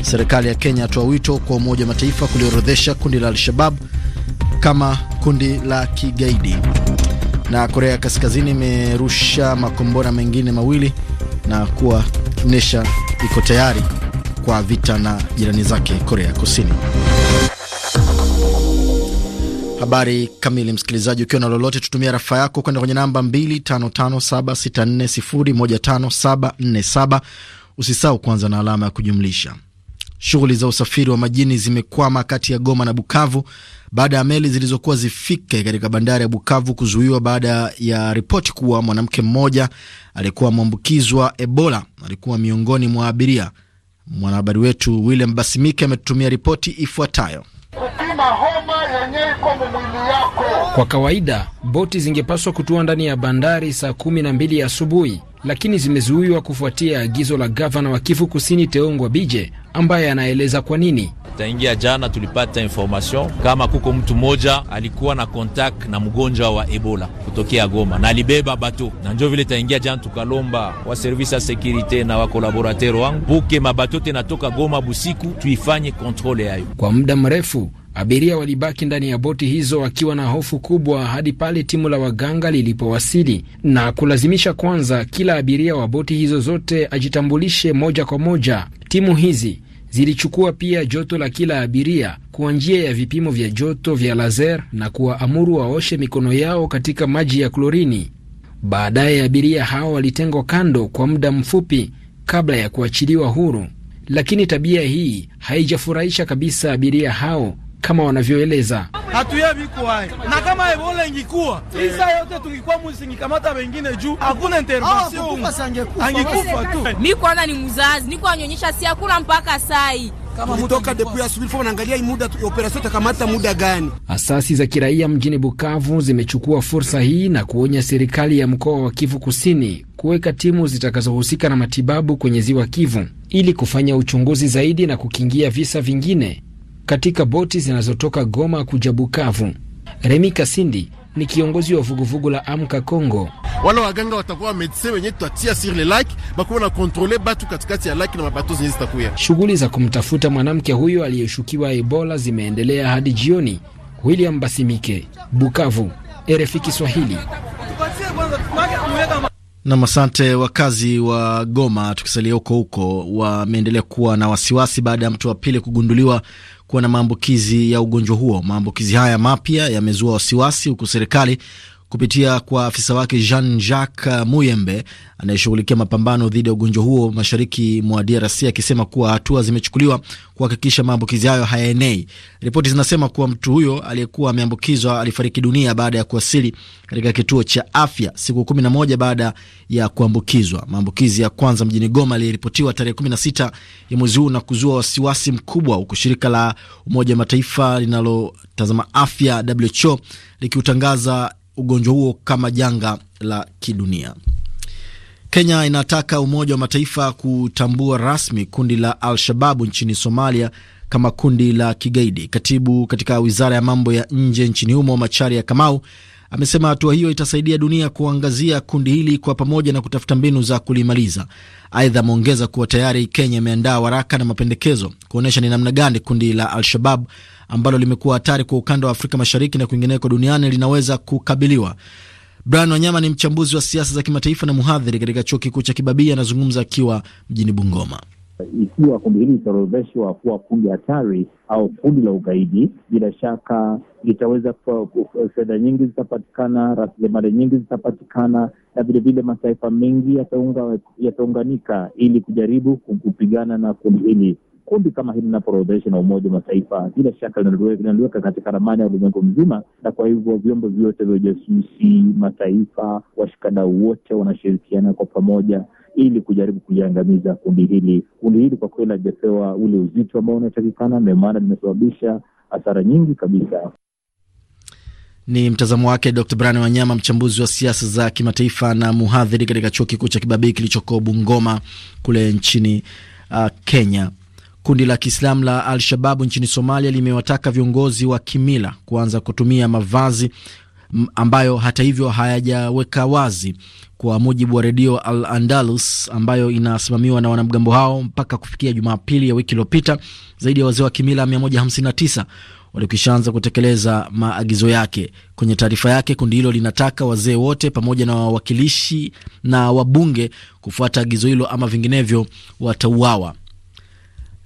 Serikali ya Kenya yatoa wito kwa Umoja wa Mataifa kuliorodhesha kundi la Al-Shabab kama kundi la kigaidi. Na Korea ya Kaskazini imerusha makombora mengine mawili na kuonyesha iko tayari kwa vita na jirani zake Korea Kusini. Habari kamili, msikilizaji, ukiwa na lolote, tutumia rafa yako kwenda kwenye namba 255764015747. Usisahau kuanza na alama ya kujumlisha. Shughuli za usafiri wa majini zimekwama kati ya Goma na Bukavu baada ya meli zilizokuwa zifike katika bandari ya Bukavu kuzuiwa baada ya ripoti kuwa mwanamke mmoja aliyekuwa ameambukizwa Ebola alikuwa miongoni mwa abiria. Mwanahabari wetu William Basimike ametutumia ripoti ifuatayo na homa yenye iko mwili yako. Kwa kawaida boti zingepaswa kutua ndani ya bandari saa kumi na mbili asubuhi, lakini zimezuiwa kufuatia agizo la gavana wa Kivu Kusini Teongwa Bije, ambaye anaeleza kwa nini taingia jana tulipata information kama kuko mtu mmoja alikuwa na kontakt na mgonjwa wa Ebola kutokea Goma na alibeba bato, na njo vile taingia jana tukalomba wa service ya sekurite na wakolaborater wangu buke mabato tenatoka Goma busiku tuifanye kontrole yayo kwa muda mrefu. Abiria walibaki ndani ya boti hizo wakiwa na hofu kubwa hadi pale timu la waganga lilipowasili na kulazimisha kwanza kila abiria wa boti hizo zote ajitambulishe moja kwa moja. Timu hizi zilichukua pia joto la kila abiria kwa njia ya vipimo vya joto vya laser na kuwaamuru waoshe mikono yao katika maji ya klorini. Baadaye abiria hao walitengwa kando kwa muda mfupi kabla ya kuachiliwa huru, lakini tabia hii haijafurahisha kabisa abiria hao kama wanavyoeleza. Hatuye viko Hatuyevikw na kama Ebola ingikuwa isa eh. yote tungikuwa musingikamata wengine juu hakuna intervention ah, angikufa tu. Niko ana ni mzazi, niko anyonyesha si hakuna mpaka sai Asasi za kiraia mjini Bukavu zimechukua fursa hii na kuonya serikali ya mkoa wa Kivu Kusini kuweka timu zitakazohusika na matibabu kwenye ziwa Kivu ili kufanya uchunguzi zaidi na kukingia visa vingine katika boti zinazotoka Goma kuja Bukavu. Remi Kasindi ni kiongozi wa vuguvugu la Amka Kongo. Wala waganga watakuwa wamedise wenye tutatia sur le lak bakuwa na kontrole batu katikati ya laki na mabatu zenye zitakuya. Shughuli za kumtafuta mwanamke huyo aliyeshukiwa Ebola zimeendelea hadi jioni. William Basimike, Bukavu, RFI Kiswahili. Nam, asante. Wakazi wa Goma, tukisalia huko huko, wameendelea kuwa na wasiwasi baada ya mtu wa pili kugunduliwa kuwa na maambukizi ya ugonjwa huo. Maambukizi haya mapya yamezua wasiwasi, huku serikali kupitia kwa afisa wake Jean Jacques Muyembe anayeshughulikia mapambano dhidi ya ugonjwa huo mashariki mwa DRC akisema kuwa hatua zimechukuliwa kuhakikisha maambukizi hayo hayaenei. Ripoti zinasema kuwa mtu huyo aliyekuwa ameambukizwa alifariki dunia baada ya kuwasili katika kituo cha afya siku moja baada ya kuambukizwa. Maambukizi ya kwanza mjini Goma yaliripotiwa tarehe sita ya mwezi huu na kuzua wasiwasi mkubwa, huku shirika la Umoja wa Mataifa linalotazama afya WHO likiutangaza ugonjwa huo kama janga la kidunia. Kenya inataka Umoja wa Mataifa kutambua rasmi kundi la Al-Shababu nchini Somalia kama kundi la kigaidi. Katibu katika wizara ya mambo ya nje nchini humo Macharia Kamau amesema hatua hiyo itasaidia dunia kuangazia kundi hili kwa pamoja na kutafuta mbinu za kulimaliza. Aidha, ameongeza kuwa tayari Kenya imeandaa waraka na mapendekezo kuonyesha ni namna gani kundi la Al-Shabab ambalo limekuwa hatari kwa ukanda wa Afrika Mashariki na kwingineko duniani linaweza kukabiliwa. Brian Wanyama ni mchambuzi wa siasa za kimataifa na mhadhiri katika chuo kikuu cha Kibabii. Anazungumza akiwa mjini Bungoma. Ikiwa kundi hili litaorodheshwa kuwa kundi hatari au kundi la ugaidi, bila shaka litaweza, fedha nyingi zitapatikana, rasilimali nyingi zitapatikana, na vilevile mataifa mengi yataunga, yataunganika ili kujaribu kupigana na kundi hili kundi kama hili linapoorodheshwa na Umoja wa Mataifa, bila shaka linaliweka katika ramani ya ulimwengu mzima, na kwa hivyo vyombo vyote vya ujasusi, mataifa, washikadau wote wanashirikiana kwa pamoja ili kujaribu kuliangamiza kundi hili. Kundi hili kwa kweli halijapewa ule uzito ambao unatakikana, ndio maana limesababisha hasara nyingi kabisa. Ni mtazamo wake Dr Brian Wanyama, mchambuzi wa siasa za kimataifa na mhadhiri katika chuo kikuu cha Kibabii kilichoko Bungoma kule nchini uh, Kenya. Kundi la Kiislamu la Al-Shababu nchini Somalia limewataka viongozi wa kimila kuanza kutumia mavazi ambayo hata hivyo hayajaweka wazi. Kwa mujibu wa redio Al Andalus ambayo inasimamiwa na wanamgambo hao, mpaka kufikia Jumapili ya wiki iliyopita, zaidi ya wazee wa kimila 159 walikishaanza kutekeleza maagizo yake. Kwenye taarifa yake, kundi hilo linataka wazee wote pamoja na wawakilishi na wabunge kufuata agizo hilo, ama vinginevyo watauawa.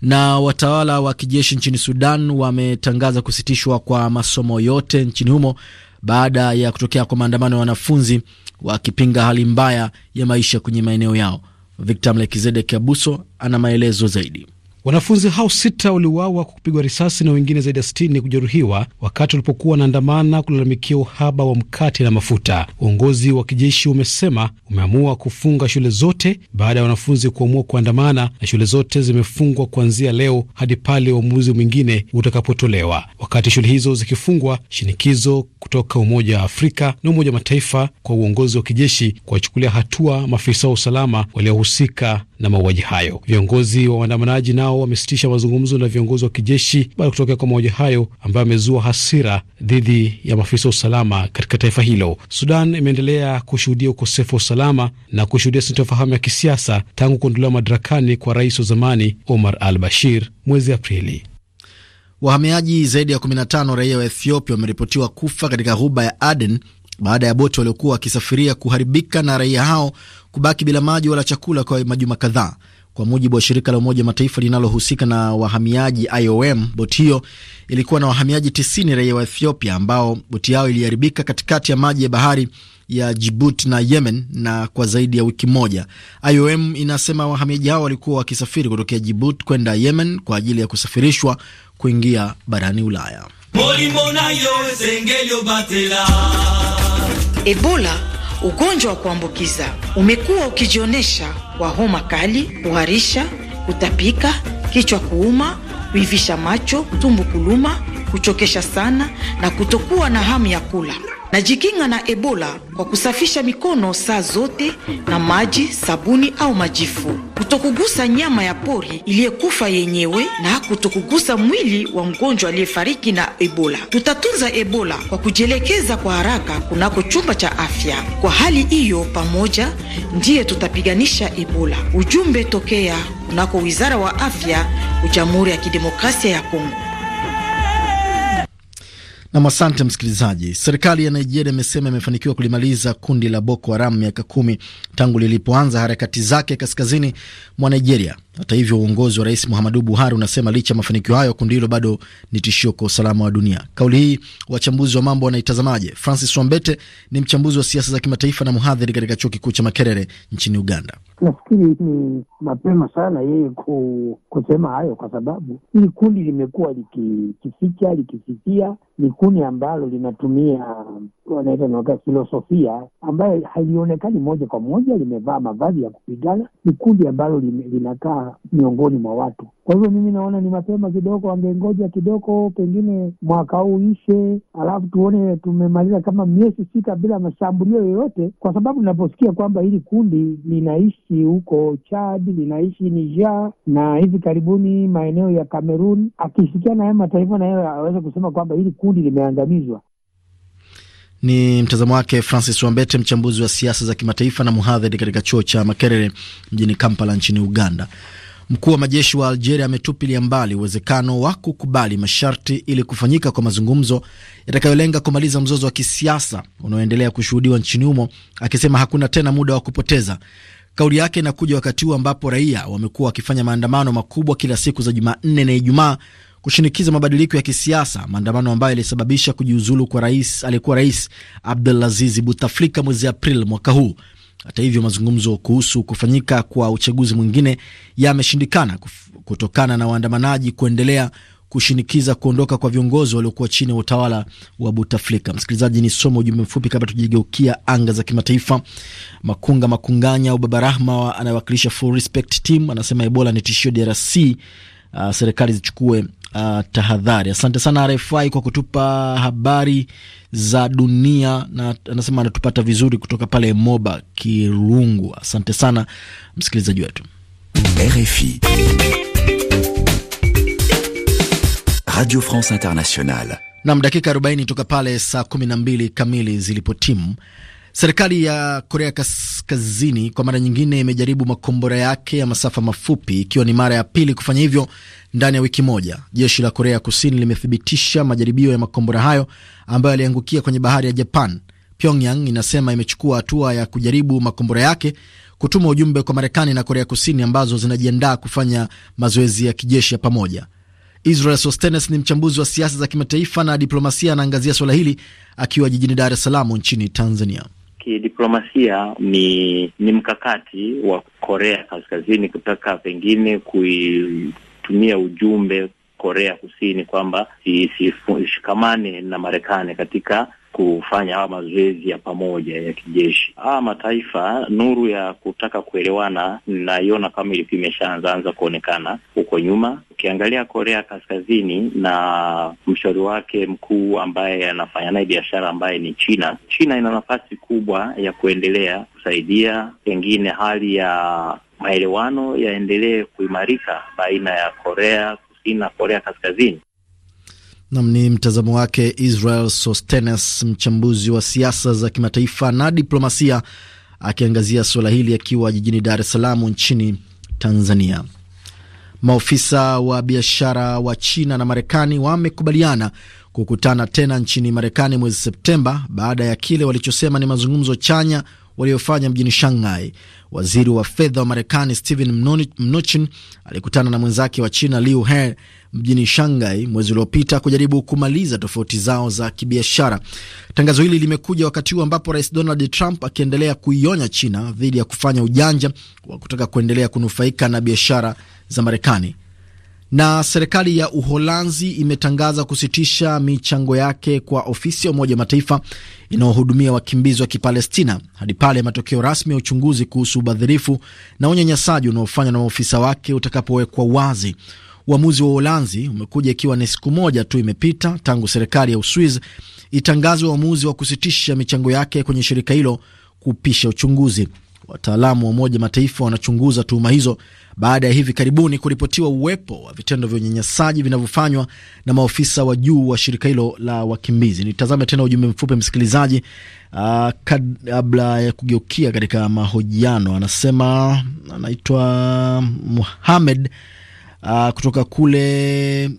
Na watawala wa kijeshi nchini Sudan wametangaza kusitishwa kwa masomo yote nchini humo baada ya kutokea kwa maandamano ya wanafunzi wakipinga hali mbaya ya maisha kwenye maeneo yao. Victor melkizedek Abuso ana maelezo zaidi. Wanafunzi hao sita waliuawa kwa kupigwa risasi na wengine zaidi ya sitini kujeruhiwa wakati walipokuwa wanaandamana kulalamikia uhaba wa mkate na mafuta. Uongozi wa kijeshi umesema umeamua kufunga shule zote baada ya wanafunzi kuamua kuandamana, na shule zote zimefungwa kuanzia leo hadi pale uamuzi mwingine utakapotolewa. Wakati shule hizo zikifungwa, shinikizo kutoka Umoja wa Afrika na Umoja wa Mataifa kwa uongozi wa kijeshi kuwachukulia hatua maafisa wa usalama waliohusika na mauaji hayo. Viongozi wa waandamanaji nao wamesitisha mazungumzo na viongozi wa kijeshi baada ya kutokea kwa mauaji hayo ambayo amezua hasira dhidi ya maafisa wa usalama katika taifa hilo. Sudan imeendelea kushuhudia ukosefu wa usalama na kushuhudia sintofahamu ya kisiasa tangu kuondolewa madarakani kwa rais wa zamani Omar al Bashir mwezi Aprili. Wahamiaji zaidi ya 15 raia wa Ethiopia wameripotiwa kufa katika ghuba ya Aden baada ya boti waliokuwa wakisafiria kuharibika na raia hao kubaki bila maji wala chakula kwa majuma kadhaa, kwa mujibu wa shirika la Umoja Mataifa linalohusika na wahamiaji IOM. Boti hiyo ilikuwa na wahamiaji 90 raia wa Ethiopia ambao boti yao iliharibika katikati ya maji ya bahari ya Jibuti na Yemen na kwa zaidi ya wiki moja. IOM inasema wahamiaji hao walikuwa wakisafiri kutokea Jibuti kwenda Yemen kwa ajili ya kusafirishwa kuingia barani Ulaya. Ebola Ugonjwa wa kuambukiza umekuwa ukijionyesha kwa homa kali, kuharisha, kutapika, kichwa kuuma kuivisha macho, tumbo kuluma, kuchokesha sana na kutokuwa na hamu ya kula. Najikinga na Ebola kwa kusafisha mikono saa zote na maji, sabuni au majifu, kutokugusa nyama ya pori iliyekufa yenyewe na kutokugusa mwili wa mgonjwa aliyefariki na Ebola. Tutatunza Ebola kwa kujielekeza kwa haraka kunako chumba cha afya. Kwa hali hiyo, pamoja ndiye tutapiganisha Ebola. Ujumbe tokea kunako wizara wa afya Jamhuri ya Kidemokrasia ya Kongo. Nam, asante msikilizaji. Serikali ya Nigeria imesema imefanikiwa kulimaliza kundi la Boko Haram miaka kumi tangu lilipoanza harakati zake kaskazini mwa Nigeria. Hata hivyo uongozi wa Rais Muhammadu Buhari unasema licha ya mafanikio hayo, kundi hilo bado ni tishio kwa usalama wa dunia. Kauli hii wachambuzi wa mambo wanaitazamaje? Francis Wambete ni mchambuzi wa siasa za kimataifa na mhadhiri katika chuo kikuu cha Makerere nchini Uganda. Nafikiri ni mapema sana yeye kusema hayo, kwa sababu hili kundi limekuwa likificha, likifikia Ni kundi ambalo linatumia wanaita naoka filosofia ambayo halionekani moja kwa moja, limevaa mavazi ya kupigana. Ni kundi ambalo linakaa miongoni mwa watu. Kwa hivyo mimi naona ni mapema kidogo, angengoja kidogo, pengine mwaka huu ishe, alafu tuone tumemaliza kama miezi sita bila mashambulio yoyote, kwa sababu naposikia kwamba hili kundi linaishi huko Chad, linaishi Niger na hivi karibuni maeneo ya Kamerun, na haya mataifa nayo aweze kusema kwamba hili kundi limeangamizwa. Ni mtazamo wake Francis Wambete, mchambuzi wa siasa za kimataifa na mhadhiri katika chuo cha Makerere mjini Kampala nchini Uganda. Mkuu wa majeshi wa Algeria ametupilia mbali uwezekano wa kukubali masharti ili kufanyika kwa mazungumzo yatakayolenga kumaliza mzozo wa kisiasa unaoendelea kushuhudiwa nchini humo, akisema hakuna tena muda wa kupoteza. Kauli yake inakuja wakati huu ambapo raia wamekuwa wakifanya maandamano makubwa kila siku za Jumanne na Ijumaa kushinikiza mabadiliko ya kisiasa, maandamano ambayo yalisababisha kujiuzulu kwa rais aliyekuwa rais Abdulaziz Butaflika mwezi Aprili mwaka huu. Hata hivyo, mazungumzo kuhusu kufanyika kwa uchaguzi mwingine yameshindikana kutokana na waandamanaji kuendelea kushinikiza kuondoka kwa viongozi waliokuwa chini ya utawala wa Butaflika. Msikilizaji, ni somo ujumbe mfupi kabla tujigeukia anga za kimataifa. Makunga Makunganya au Baba Rahma anayewakilisha Full Respect Team anasema Ebola ni tishio DRC. Uh, serikali zichukue uh, tahadhari. Asante sana RFI kwa kutupa habari za dunia, na anasema anatupata vizuri kutoka pale Moba Kirungu. Asante sana msikilizaji wetu RFI Radio France Internationale. Nam dakika 40 toka pale saa 12 kamili zilipotimu. Serikali ya Korea Kaskazini kwa mara nyingine imejaribu makombora yake ya masafa mafupi, ikiwa ni mara ya pili kufanya hivyo ndani ya wiki moja jeshi la Korea Kusini limethibitisha majaribio ya makombora hayo ambayo yaliangukia kwenye bahari ya Japan. Pyongyang inasema imechukua hatua ya kujaribu makombora yake kutuma ujumbe kwa Marekani na Korea Kusini ambazo zinajiandaa kufanya mazoezi ya kijeshi ya pamoja. Israel Sostenes ni mchambuzi wa siasa za kimataifa na diplomasia, anaangazia suala hili akiwa jijini Dar es Salaam nchini Tanzania. Kidiplomasia ni ni mkakati wa Korea Kaskazini kutaka pengine kui kutumia ujumbe Korea Kusini kwamba sishikamane si, na Marekani katika kufanya haya mazoezi ya pamoja ya kijeshi. Haya mataifa nuru ya kutaka kuelewana naiona kama ilikuwa imeshaanzaanza kuonekana huko nyuma. Ukiangalia Korea Kaskazini na mshauri wake mkuu ambaye anafanya naye biashara ambaye ni China, China ina nafasi kubwa ya kuendelea kusaidia pengine hali ya maelewano yaendelee kuimarika baina ya Korea Kusini na Korea Kaskazini. Nam ni mtazamo wake Israel Sostenes, mchambuzi wa siasa za kimataifa na diplomasia, akiangazia suala hili akiwa jijini Dar es Salaam nchini Tanzania. Maofisa wa biashara wa China na Marekani wamekubaliana kukutana tena nchini Marekani mwezi Septemba baada ya kile walichosema ni mazungumzo chanya waliofanya mjini Shanghai. Waziri wa fedha wa Marekani Steven Mnuchin alikutana na mwenzake wa China Liu He mjini Shanghai mwezi uliopita kujaribu kumaliza tofauti zao za kibiashara. Tangazo hili limekuja wakati huu ambapo Rais Donald Trump akiendelea kuionya China dhidi ya kufanya ujanja wa kutaka kuendelea kunufaika na biashara za Marekani. Na serikali ya Uholanzi imetangaza kusitisha michango yake kwa ofisi ya Umoja wa Mataifa inayohudumia wakimbizi wa Kipalestina hadi pale matokeo rasmi ya uchunguzi kuhusu ubadhirifu na unyanyasaji unaofanywa na maofisa wake utakapowekwa wazi. Uamuzi wa Uholanzi umekuja ikiwa ni siku moja tu imepita tangu serikali ya Uswiz itangaze uamuzi wa kusitisha michango yake kwenye shirika hilo kupisha uchunguzi. Wataalamu wa Umoja Mataifa wanachunguza tuhuma hizo baada ya hivi karibuni kuripotiwa uwepo wa vitendo vya unyanyasaji vinavyofanywa na maofisa wa juu wa shirika hilo la wakimbizi. Nitazame tena ujumbe mfupi msikilizaji, uh, kabla ya kugeukia katika mahojiano. Anasema anaitwa Muhamed uh, ah, kutoka kule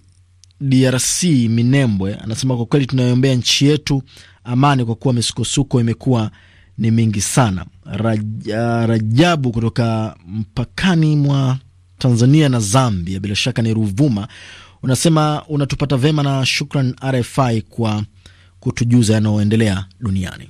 DRC Minembwe, anasema kwa kweli tunayoombea nchi yetu amani, kwa kuwa misukosuko imekuwa ni mingi sana. uh, Rajabu kutoka mpakani mwa Tanzania na Zambia, bila shaka ni Ruvuma, unasema unatupata vema na shukran RFI kwa kutujuza yanayoendelea duniani.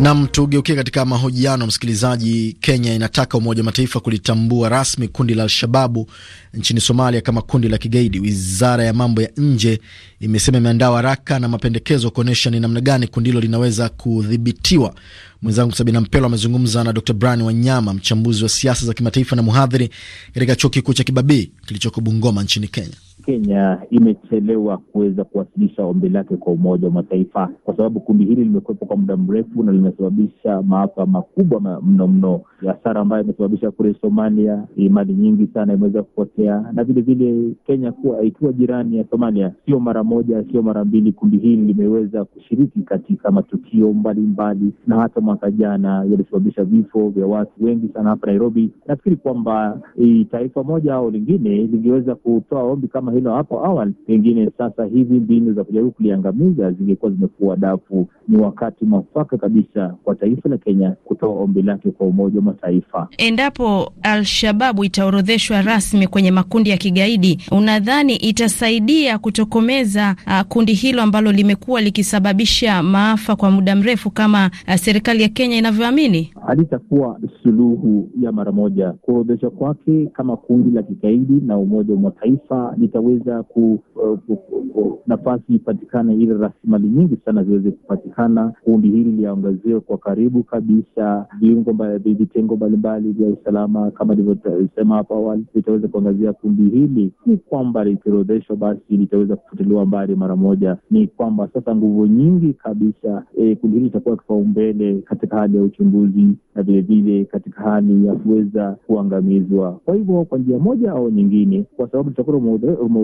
Nam, tugeukie katika mahojiano msikilizaji. Kenya inataka Umoja wa Mataifa kulitambua rasmi kundi la Alshababu nchini Somalia kama kundi la kigaidi. Wizara ya mambo ya nje imesema imeandaa waraka na mapendekezo kuonyesha ni namna gani kundi hilo linaweza kudhibitiwa. Mwenzangu Sabina Mpelo amezungumza na Dr Brian Wanyama, mchambuzi wa siasa za kimataifa na mhadhiri katika chuo kikuu cha Kibabii kilichoko Bungoma nchini Kenya. Kenya imechelewa kuweza kuwasilisha ombi lake kwa Umoja wa Mataifa kwa sababu kundi hili limekuwepo kwa muda mrefu na limesababisha maafa makubwa mnomno mno mno, hasara ambayo imesababisha kule Somalia, mali nyingi sana imeweza kupotea, na vilevile Kenya kuwa ikiwa jirani ya Somalia, sio mara moja, sio mara mbili, kundi hili limeweza kushiriki katika matukio mbalimbali mbali, na hata mwaka jana yalisababisha vifo vya watu wengi sana hapa Nairobi. Nafikiri kwamba eh, taifa moja au lingine lingeweza kutoa ombi kama hilo hapo awali, pengine sasa hivi mbinu za kujaribu kuliangamiza zingekuwa zimefua dafu. Ni wakati mwafaka kabisa kwa taifa la Kenya kutoa ombi lake kwa Umoja wa Mataifa. Endapo Al-Shababu itaorodheshwa rasmi kwenye makundi ya kigaidi, unadhani itasaidia kutokomeza uh, kundi hilo ambalo limekuwa likisababisha maafa kwa muda mrefu kama uh, serikali ya Kenya inavyoamini? Halitakuwa suluhu ya mara moja. Kuorodheshwa kwake kama kundi la kigaidi na Umoja wa Mataifa inaweza ku, uh, ku, ku, ku nafasi ipatikane ili rasilimali nyingi sana ziweze kupatikana. Kundi hili liangaziwe kwa karibu kabisa, viungo vitengo mbalimbali vya usalama kama ilivyosema hapo awali vitaweza kuangazia kundi hili. Ni kwamba likiorodheshwa, basi litaweza kufutiliwa mbali mara moja. Ni kwamba sasa nguvu nyingi kabisa e, kundi hili litakuwa kipaumbele katika hali ya uchunguzi na vilevile katika hali ya kuweza kuangamizwa. Kwa hivyo kwa njia moja au nyingine, kwa sababu tutakuwa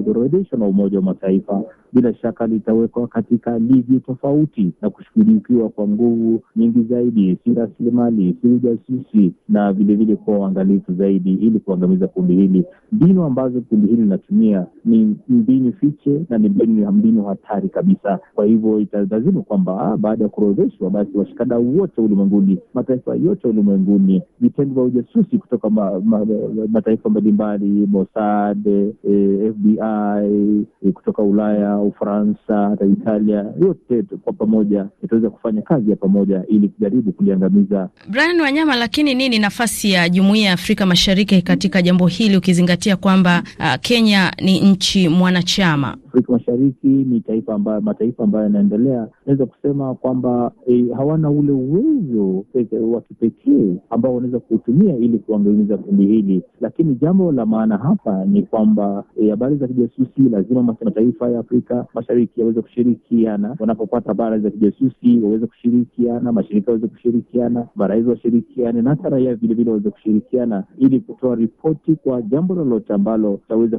kama na Umoja wa Mataifa, bila shaka litawekwa katika ligi tofauti na kushughulikiwa kwa nguvu nyingi zaidi, si rasilimali, si ujasusi, na vilevile kuwa uangalifu zaidi ili kuangamiza kundi hili. Mbinu ambazo kundi hili linatumia ni mbinu fiche na ni mbinu hatari kabisa. Kwa hivyo italazimu kwamba baada ya kuorodheshwa, basi washikadau wote ulimwenguni, mataifa yote ulimwenguni, vitengo vya ujasusi kutoka ma, ma, ma, mataifa mbalimbali, Mossad, eh, FBI BBI kutoka Ulaya, Ufaransa, hata Italia, yote kwa pamoja itaweza kufanya kazi ya pamoja ili kujaribu kuliangamiza. Brian Wanyama, lakini nini nafasi ya jumuiya ya Afrika Mashariki katika jambo hili ukizingatia kwamba uh, Kenya ni nchi mwanachama? Afrika Mashariki ni taifa ambayo, mataifa ambayo yanaendelea, naweza kusema kwamba eh, hawana ule uwezo wa kipekee ambao wanaweza kuutumia ili kuangamiza kundi hili. Lakini jambo la maana hapa ni kwamba eh, habari eh, za kijasusi lazima mataifa ya Afrika Mashariki yaweze kushirikiana, wanapopata habari za kijasusi waweze kushirikiana, mashirika waweze kushirikiana, marais washirikiane na hata raia vilevile waweze kushirikiana ili kutoa ripoti kwa jambo lolote ambalo taweza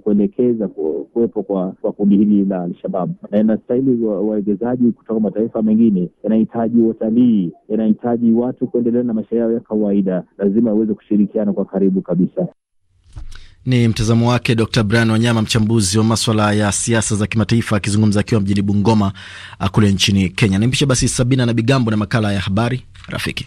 kuelekeza kuwepo kwa kwa kundi hili la Alshababu, na inastahili wawekezaji wa kutoka mataifa mengine, yanahitaji watalii, yanahitaji watu kuendelea na maisha yao ya kawaida, lazima waweze kushirikiana kwa karibu kabisa. Ni mtazamo wake Dr Brian Wanyama, mchambuzi wa maswala ya siasa za kimataifa, akizungumza akiwa mjini Bungoma kule nchini Kenya. Nimpisha basi Sabina na Bigambo na makala ya habari rafiki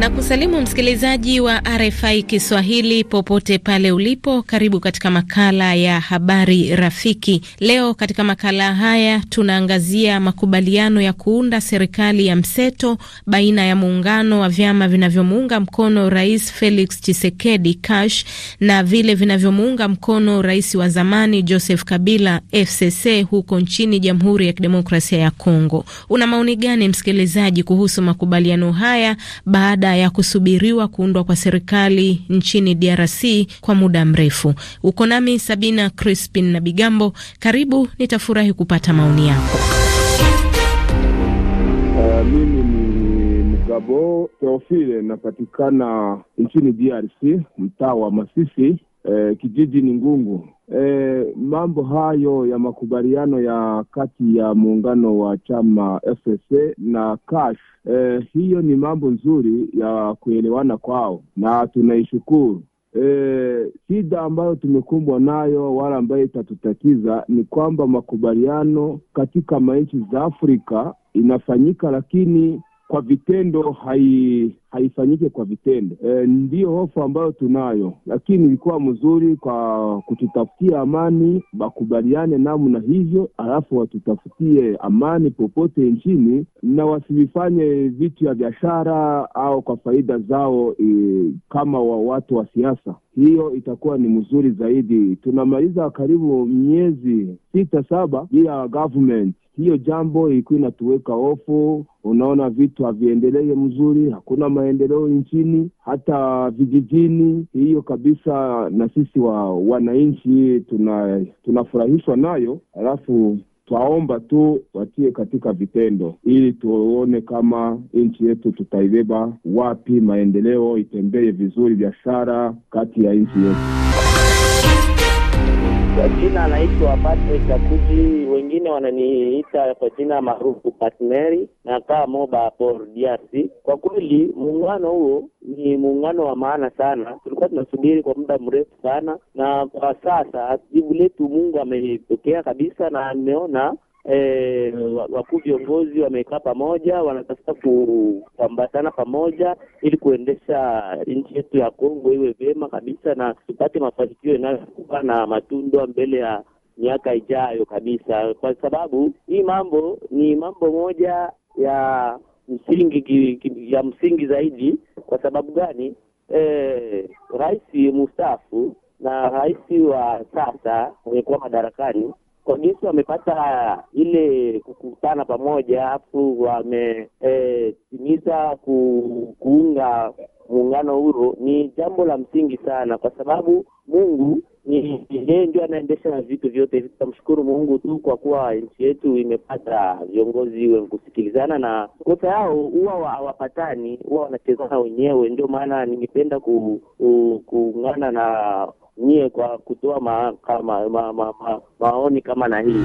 Na kusalimu msikilizaji wa RFI Kiswahili popote pale ulipo, karibu katika makala ya habari rafiki. Leo katika makala haya tunaangazia makubaliano ya kuunda serikali ya mseto baina ya muungano wa vyama vinavyomuunga mkono Rais Felix Tshisekedi Cash na vile vinavyomuunga mkono rais wa zamani Joseph Kabila FCC huko nchini Jamhuri ya Kidemokrasia ya Kongo. Una maoni gani msikilizaji kuhusu makubaliano haya baada baada ya kusubiriwa kuundwa kwa serikali nchini DRC kwa muda mrefu. Uko nami Sabina Crispin na Bigambo, karibu. Nitafurahi kupata maoni yako. Uh, mimi ni Mgabo Teofile, napatikana nchini DRC, mtaa wa Masisi eh, kijiji ni Ngungu. Eh, mambo hayo ya makubaliano ya kati ya muungano wa chama FSA na Kash, eh, hiyo ni mambo nzuri ya kuelewana kwao na tunaishukuru. shida eh, shida ambayo tumekumbwa nayo wala ambayo itatutatiza ni kwamba makubaliano katika manchi za Afrika inafanyika lakini kwa vitendo hai haifanyike kwa vitendo e, ndiyo hofu ambayo tunayo, lakini ilikuwa mzuri kwa kututafutia amani, bakubaliane namna hivyo, alafu watutafutie amani popote nchini, na wasivifanye vitu ya biashara au kwa faida zao e, kama wa watu wa siasa. Hiyo itakuwa ni mzuri zaidi. Tunamaliza karibu miezi sita saba bila government hiyo jambo ilikuwa inatuweka hofu. Unaona, vitu haviendelee mzuri, hakuna maendeleo nchini, hata vijijini. Hiyo kabisa, na sisi wa wananchi tuna tunafurahishwa nayo, alafu twaomba tu watie katika vitendo ili tuone kama nchi yetu tutaibeba wapi, maendeleo itembee vizuri, biashara kati ya nchi yetu. Kwa jina anaitwa Patrick Akuji wengine wananiita kwa jina maarufu Patneri na kaa Moba Por DRC. Kwa kweli muungano huo ni muungano wa maana sana, tulikuwa tunasubiri kwa muda mrefu sana, na kwa sasa jibu letu Mungu amelipokea kabisa, na nimeona E, wakuu viongozi wamekaa pamoja, wanatafuta kupambatana pamoja ili kuendesha nchi yetu ya Kongo iwe vyema kabisa na tupate mafanikio inayokuwa na matundwa mbele ya miaka ijayo kabisa, kwa sababu hii mambo ni mambo moja ya msingi ya msingi zaidi. Kwa sababu gani? E, rais mustafu na rais wa sasa wamekuwa madarakani kwa jinsi wamepata ile kukutana pamoja, afu wametimiza eh, e, ku, kuunga muungano huo, ni jambo la msingi sana, kwa sababu Mungu yeye ndio anaendesha vitu vyote hivi. Tunamshukuru Mungu tu kwa kuwa nchi yetu imepata viongozi wenye kusikilizana, na kosa yao huwa hawapatani, huwa wanachezana wenyewe. Ndio maana ningependa kuungana na nyie kwa kutoa ma, ma, ma, ma, ma, maoni kama na hii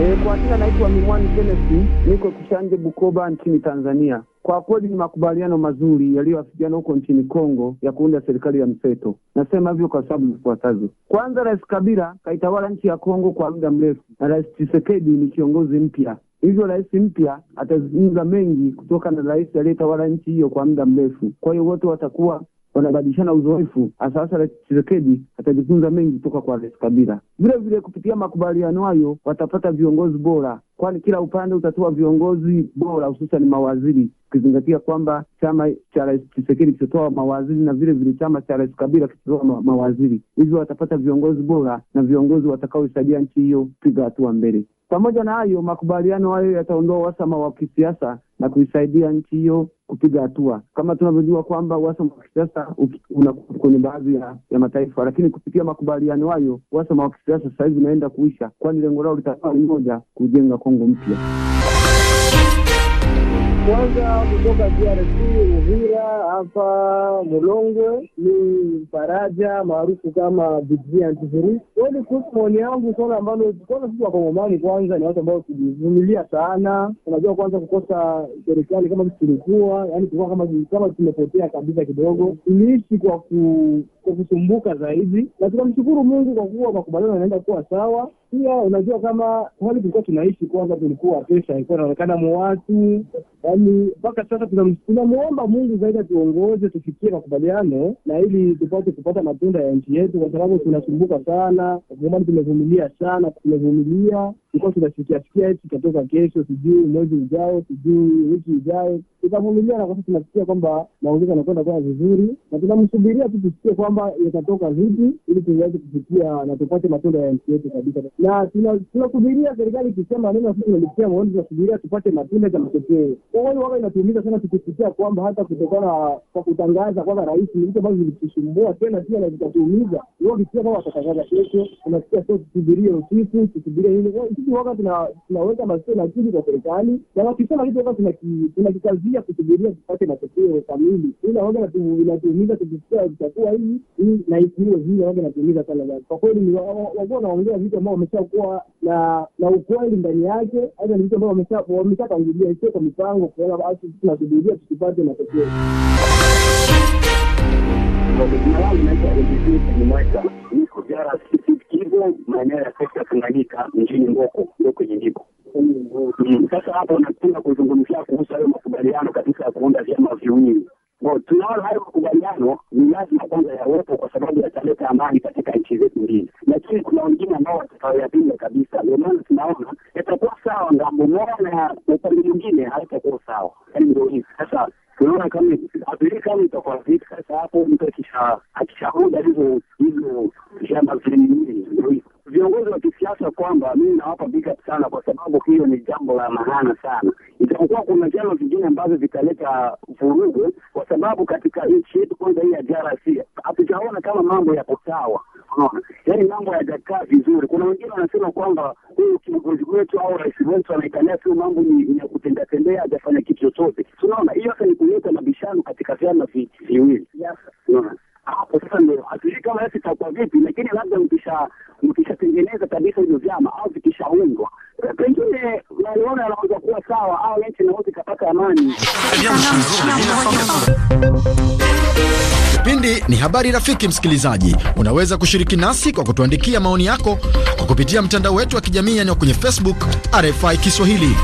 e, kwa jina naitwa Mimwani Kenneth, niko Kishanje, Bukoba nchini Tanzania. Kwa kweli ni makubaliano mazuri yaliyoafikiana huko nchini Kongo ya kuunda serikali ya mseto. Nasema hivyo kwa sababu zifuatazo. Kwanza, Rais Kabila kaitawala nchi ya Kongo kwa muda mrefu na Rais chisekedi ni kiongozi mpya, hivyo rais mpya atazungumza mengi kutoka na rais aliyetawala nchi hiyo kwa muda mrefu. Kwa hiyo wote watakuwa wanabadilishana uzoefu. hasa hasa chisekedi atajifunza mengi kutoka kwa Rais Kabila. Vile vile kupitia makubaliano hayo watapata viongozi bora, kwani kila upande utatoa viongozi bora, hususan mawaziri, ukizingatia kwamba chama cha Rais chisekedi kitatoa mawaziri na vile vile chama cha Rais Kabila kitatoa ma mawaziri. Hivyo watapata viongozi bora na viongozi watakaoisaidia nchi hiyo kupiga hatua mbele. Pamoja na hayo, makubaliano hayo yataondoa uhasama wa kisiasa na kuisaidia nchi hiyo kupiga hatua. Kama tunavyojua kwamba uhasama wa kisiasa unakuwa kwenye baadhi ya, ya mataifa, lakini kupitia makubaliano hayo uhasama wa kisiasa sasa hivi unaenda kuisha, kwani lengo lao litakuwa ni moja, kujenga Kongo mpya. Kwanza kutoka DRC Uvira hapa Mulongwe ni Faraja maarufu kama DJ Antivirus. Kweli kuhusu maoni yangu, swala ambalo kwanza sisi wakongomani kwanza ni watu ambao tulivumilia sana. Unajua, kwanza kukosa serikali kama tulikuwa, yani tulikuwa kama kama tumepotea kabisa kidogo, tuliishi kwa ku, kwa kusumbuka zaidi, na tunamshukuru Mungu kwa kuwa makubaliano yanaenda kuwa sawa pia unajua kama hali tulikuwa tunaishi kwanza, tulikuwa pesa ilikuwa inaonekana mwatu, yaani mpaka sasa tunamwomba Mungu zaidi atuongoze, tufikie makubaliano na ili tupate kupata matunda ya nchi yetu, kwa sababu tunasumbuka sana. Jamani, tumevumilia sana, tumevumilia tulikuwa tunasikia sikia eti tutatoka kesho, sijui mwezi ujao, sijui wiki ijayo, tutavumilia na kwa sasa tunasikia kwamba maongezi anakwenda kuwa vizuri, na tunamsubiria tu tusikie kwamba yatatoka vipi, ili tuweze kufikia na tupate matunda ya nchi yetu kabisa na tunasubiria serikali ikisema maneno tunalikia maoni, tunasubiria tupate matunda za matokeo. Kwa hiyo waga inatuumiza sana, tukisikia kwamba hata kutokana kwa kutangaza kwamba rais ni vitu ambavyo vilitusumbua tena pia na vikatuumiza. Wakisikia kwamba watatangaza kesho, unasikia so tusubirie usiku, tusubirie hili. Sisi waga tunaweka masikio na akili kwa serikali, na wakisema kitu waga tunakikazia kusubiria tupate matokeo kamili, ila waga inatuumiza tukisikia itakuwa hivi na isiwe hivi, waga inatuumiza sana. Kwa kweli wakuwa wanaongea vitu ambao ameshakuwa na na ukweli ndani yake. Aidha ni vitu ambavyo wameshapangilia, sio kwa mipango kuona basi tunasubiria tukipate matokeo. niko Kivu, maeneo ya sekta Tanganyika, mjini Mboko Mboko Jindiko. Sasa hapo napenda kuzungumzia kuhusu hayo makubaliano kabisa ya kuunda vyama viwili no, tunaona hayo makubaliano ni lazima kwanza yawepo kwa sababu yataleta amani katika nchi zetu mbili, lakini kuna wengine ambao watakaoyapinga kabisa. Ndio maana tunaona yatakuwa sawa ngambo moja na upande mwingine haitakuwa sawa, Yani ndio hivi sasa tunaona kama athiri kama itakuwa vipi sasa hapo mtu akishahoda hizo hizo shamba zenyewe ndio hivi viongozi wa kisiasa kwamba mimi nawapa big up sana, kwa sababu hiyo ni jambo la maana sana. Itakuwa kuna vyama vingine ambavyo vitaleta vurugu, kwa sababu katika nchi yetu kwanza hii ya DRC hatujaona kama mambo yapo sawa, unaona, yaani mambo hayajakaa vizuri. Kuna wengine wanasema kwamba huyu kiongozi wetu au rais wetu anaikalia sio mambo ni ya kutenda ajafanya hajafanya kitu chochote. Tunaona hiyo hasa ni kuleta mabishano katika vyama viwili, unaona hapo sasa ndio hatujui kama sasa itakuwa vipi, lakini labda mkisha mkishatengeneza kabisa hivyo vyama au vikishaundwa, pengine kuwa sawa au nchi inaweza ikapata amani. Kipindi ni habari rafiki. Msikilizaji, unaweza kushiriki nasi kwa kutuandikia maoni yako kwa kupitia mtandao wetu wa kijamii, yaani kwenye Facebook RFI Kiswahili.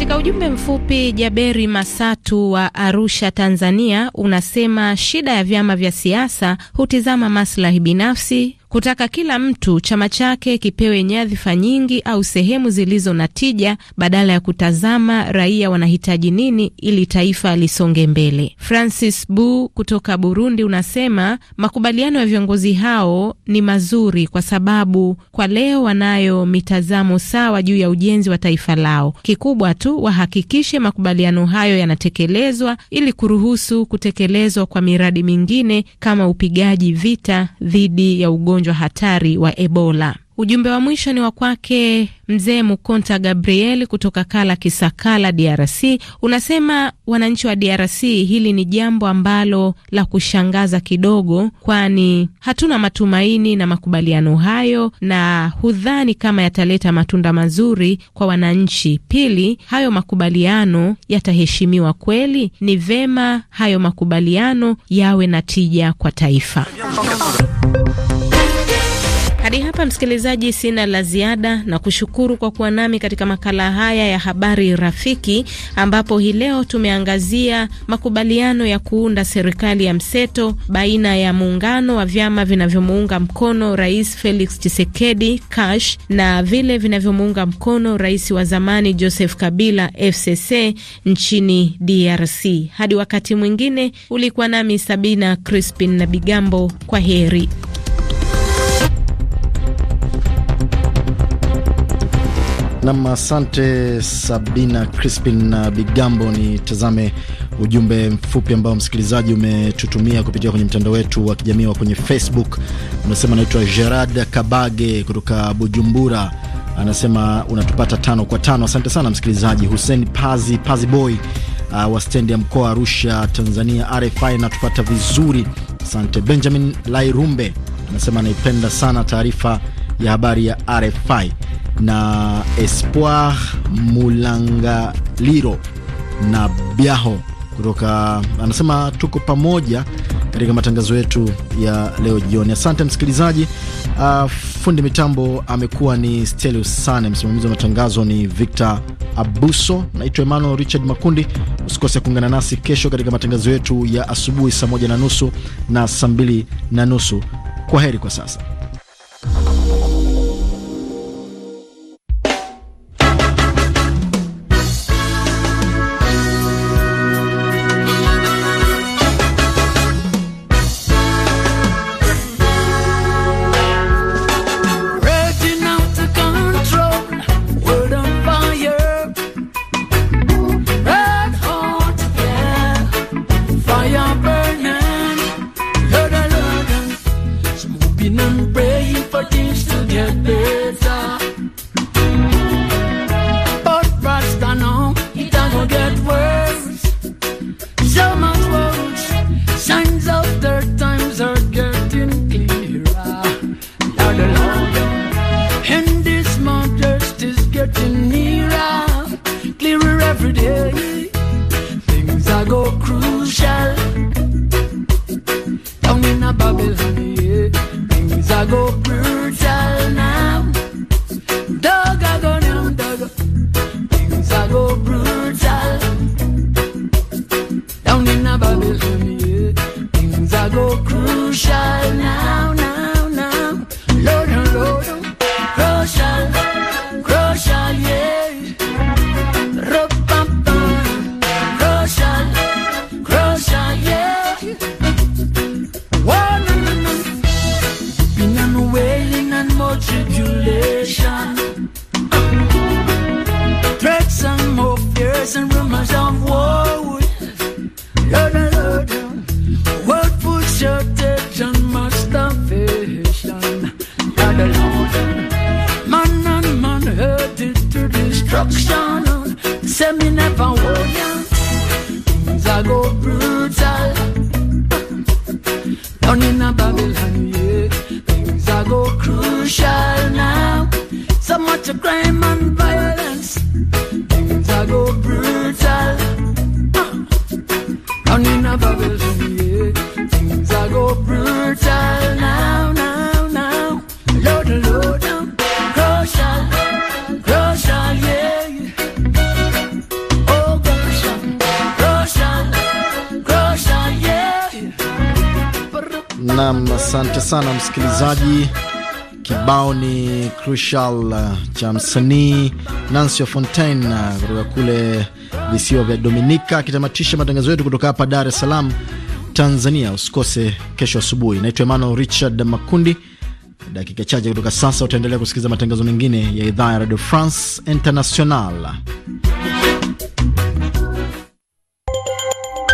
Katika ujumbe mfupi, Jaberi Masatu wa Arusha, Tanzania, unasema shida ya vyama vya siasa hutizama maslahi binafsi kutaka kila mtu chama chake kipewe nyadhifa nyingi au sehemu zilizo na tija badala ya kutazama raia wanahitaji nini ili taifa lisonge mbele. Francis Bu kutoka Burundi unasema makubaliano ya viongozi hao ni mazuri kwa sababu kwa leo wanayo mitazamo sawa juu ya ujenzi wa taifa lao. Kikubwa tu wahakikishe makubaliano hayo yanatekelezwa ili kuruhusu kutekelezwa kwa miradi mingine kama upigaji vita dhidi ya ugonjwa ugonjwa hatari wa Ebola. Ujumbe wa mwisho ni wa kwake mzee Mukonta Gabriel kutoka Kala Kisakala, DRC. Unasema wananchi wa DRC, hili ni jambo ambalo la kushangaza kidogo, kwani hatuna matumaini na makubaliano hayo, na hudhani kama yataleta matunda mazuri kwa wananchi. Pili, hayo makubaliano yataheshimiwa kweli? Ni vema hayo makubaliano yawe na tija kwa taifa hadi hapa msikilizaji, sina la ziada na kushukuru kwa kuwa nami katika makala haya ya habari rafiki, ambapo hii leo tumeangazia makubaliano ya kuunda serikali ya mseto baina ya muungano wa vyama vinavyomuunga mkono Rais Felix Tshisekedi Cash na vile vinavyomuunga mkono rais wa zamani Joseph Kabila FCC nchini DRC. Hadi wakati mwingine, ulikuwa nami Sabina Crispin na Bigambo, kwa heri. Nam, asante Sabina Crispin na Bigambo. ni tazame ujumbe mfupi ambao msikilizaji umetutumia kupitia kwenye mtandao wetu wa kijamii wa kwenye Facebook. Unasema anaitwa Gerard Kabage kutoka Bujumbura, anasema unatupata tano kwa tano. Asante sana msikilizaji. Hussein Pazi Pazi Boy uh, wa stendi ya mkoa wa Arusha, Tanzania, RFI natupata vizuri, asante. Benjamin Lairumbe anasema anaipenda sana taarifa ya habari ya RFI na Espoir Mulangaliro na Biaho kutoka, anasema tuko pamoja katika matangazo yetu ya leo jioni. Asante msikilizaji. Uh, fundi mitambo amekuwa ni Stelius Sane, msimamizi wa matangazo ni Victor Abuso. Naitwa Emmanuel Richard Makundi. Usikose kuungana nasi kesho katika matangazo yetu ya asubuhi saa moja na nusu na saa mbili na nusu. Kwa heri kwa sasa. Crucial uh, cha msanii Nancy Fontaine uh, kutoka kule visiwa vya Dominika, akitamatisha matangazo yetu kutoka hapa Dar es Salaam, Tanzania. Usikose kesho asubuhi. Naitwa Emmanuel Richard Makundi. Dakika chache kutoka sasa utaendelea kusikiliza matangazo mengine ya idhaa ya Radio France International.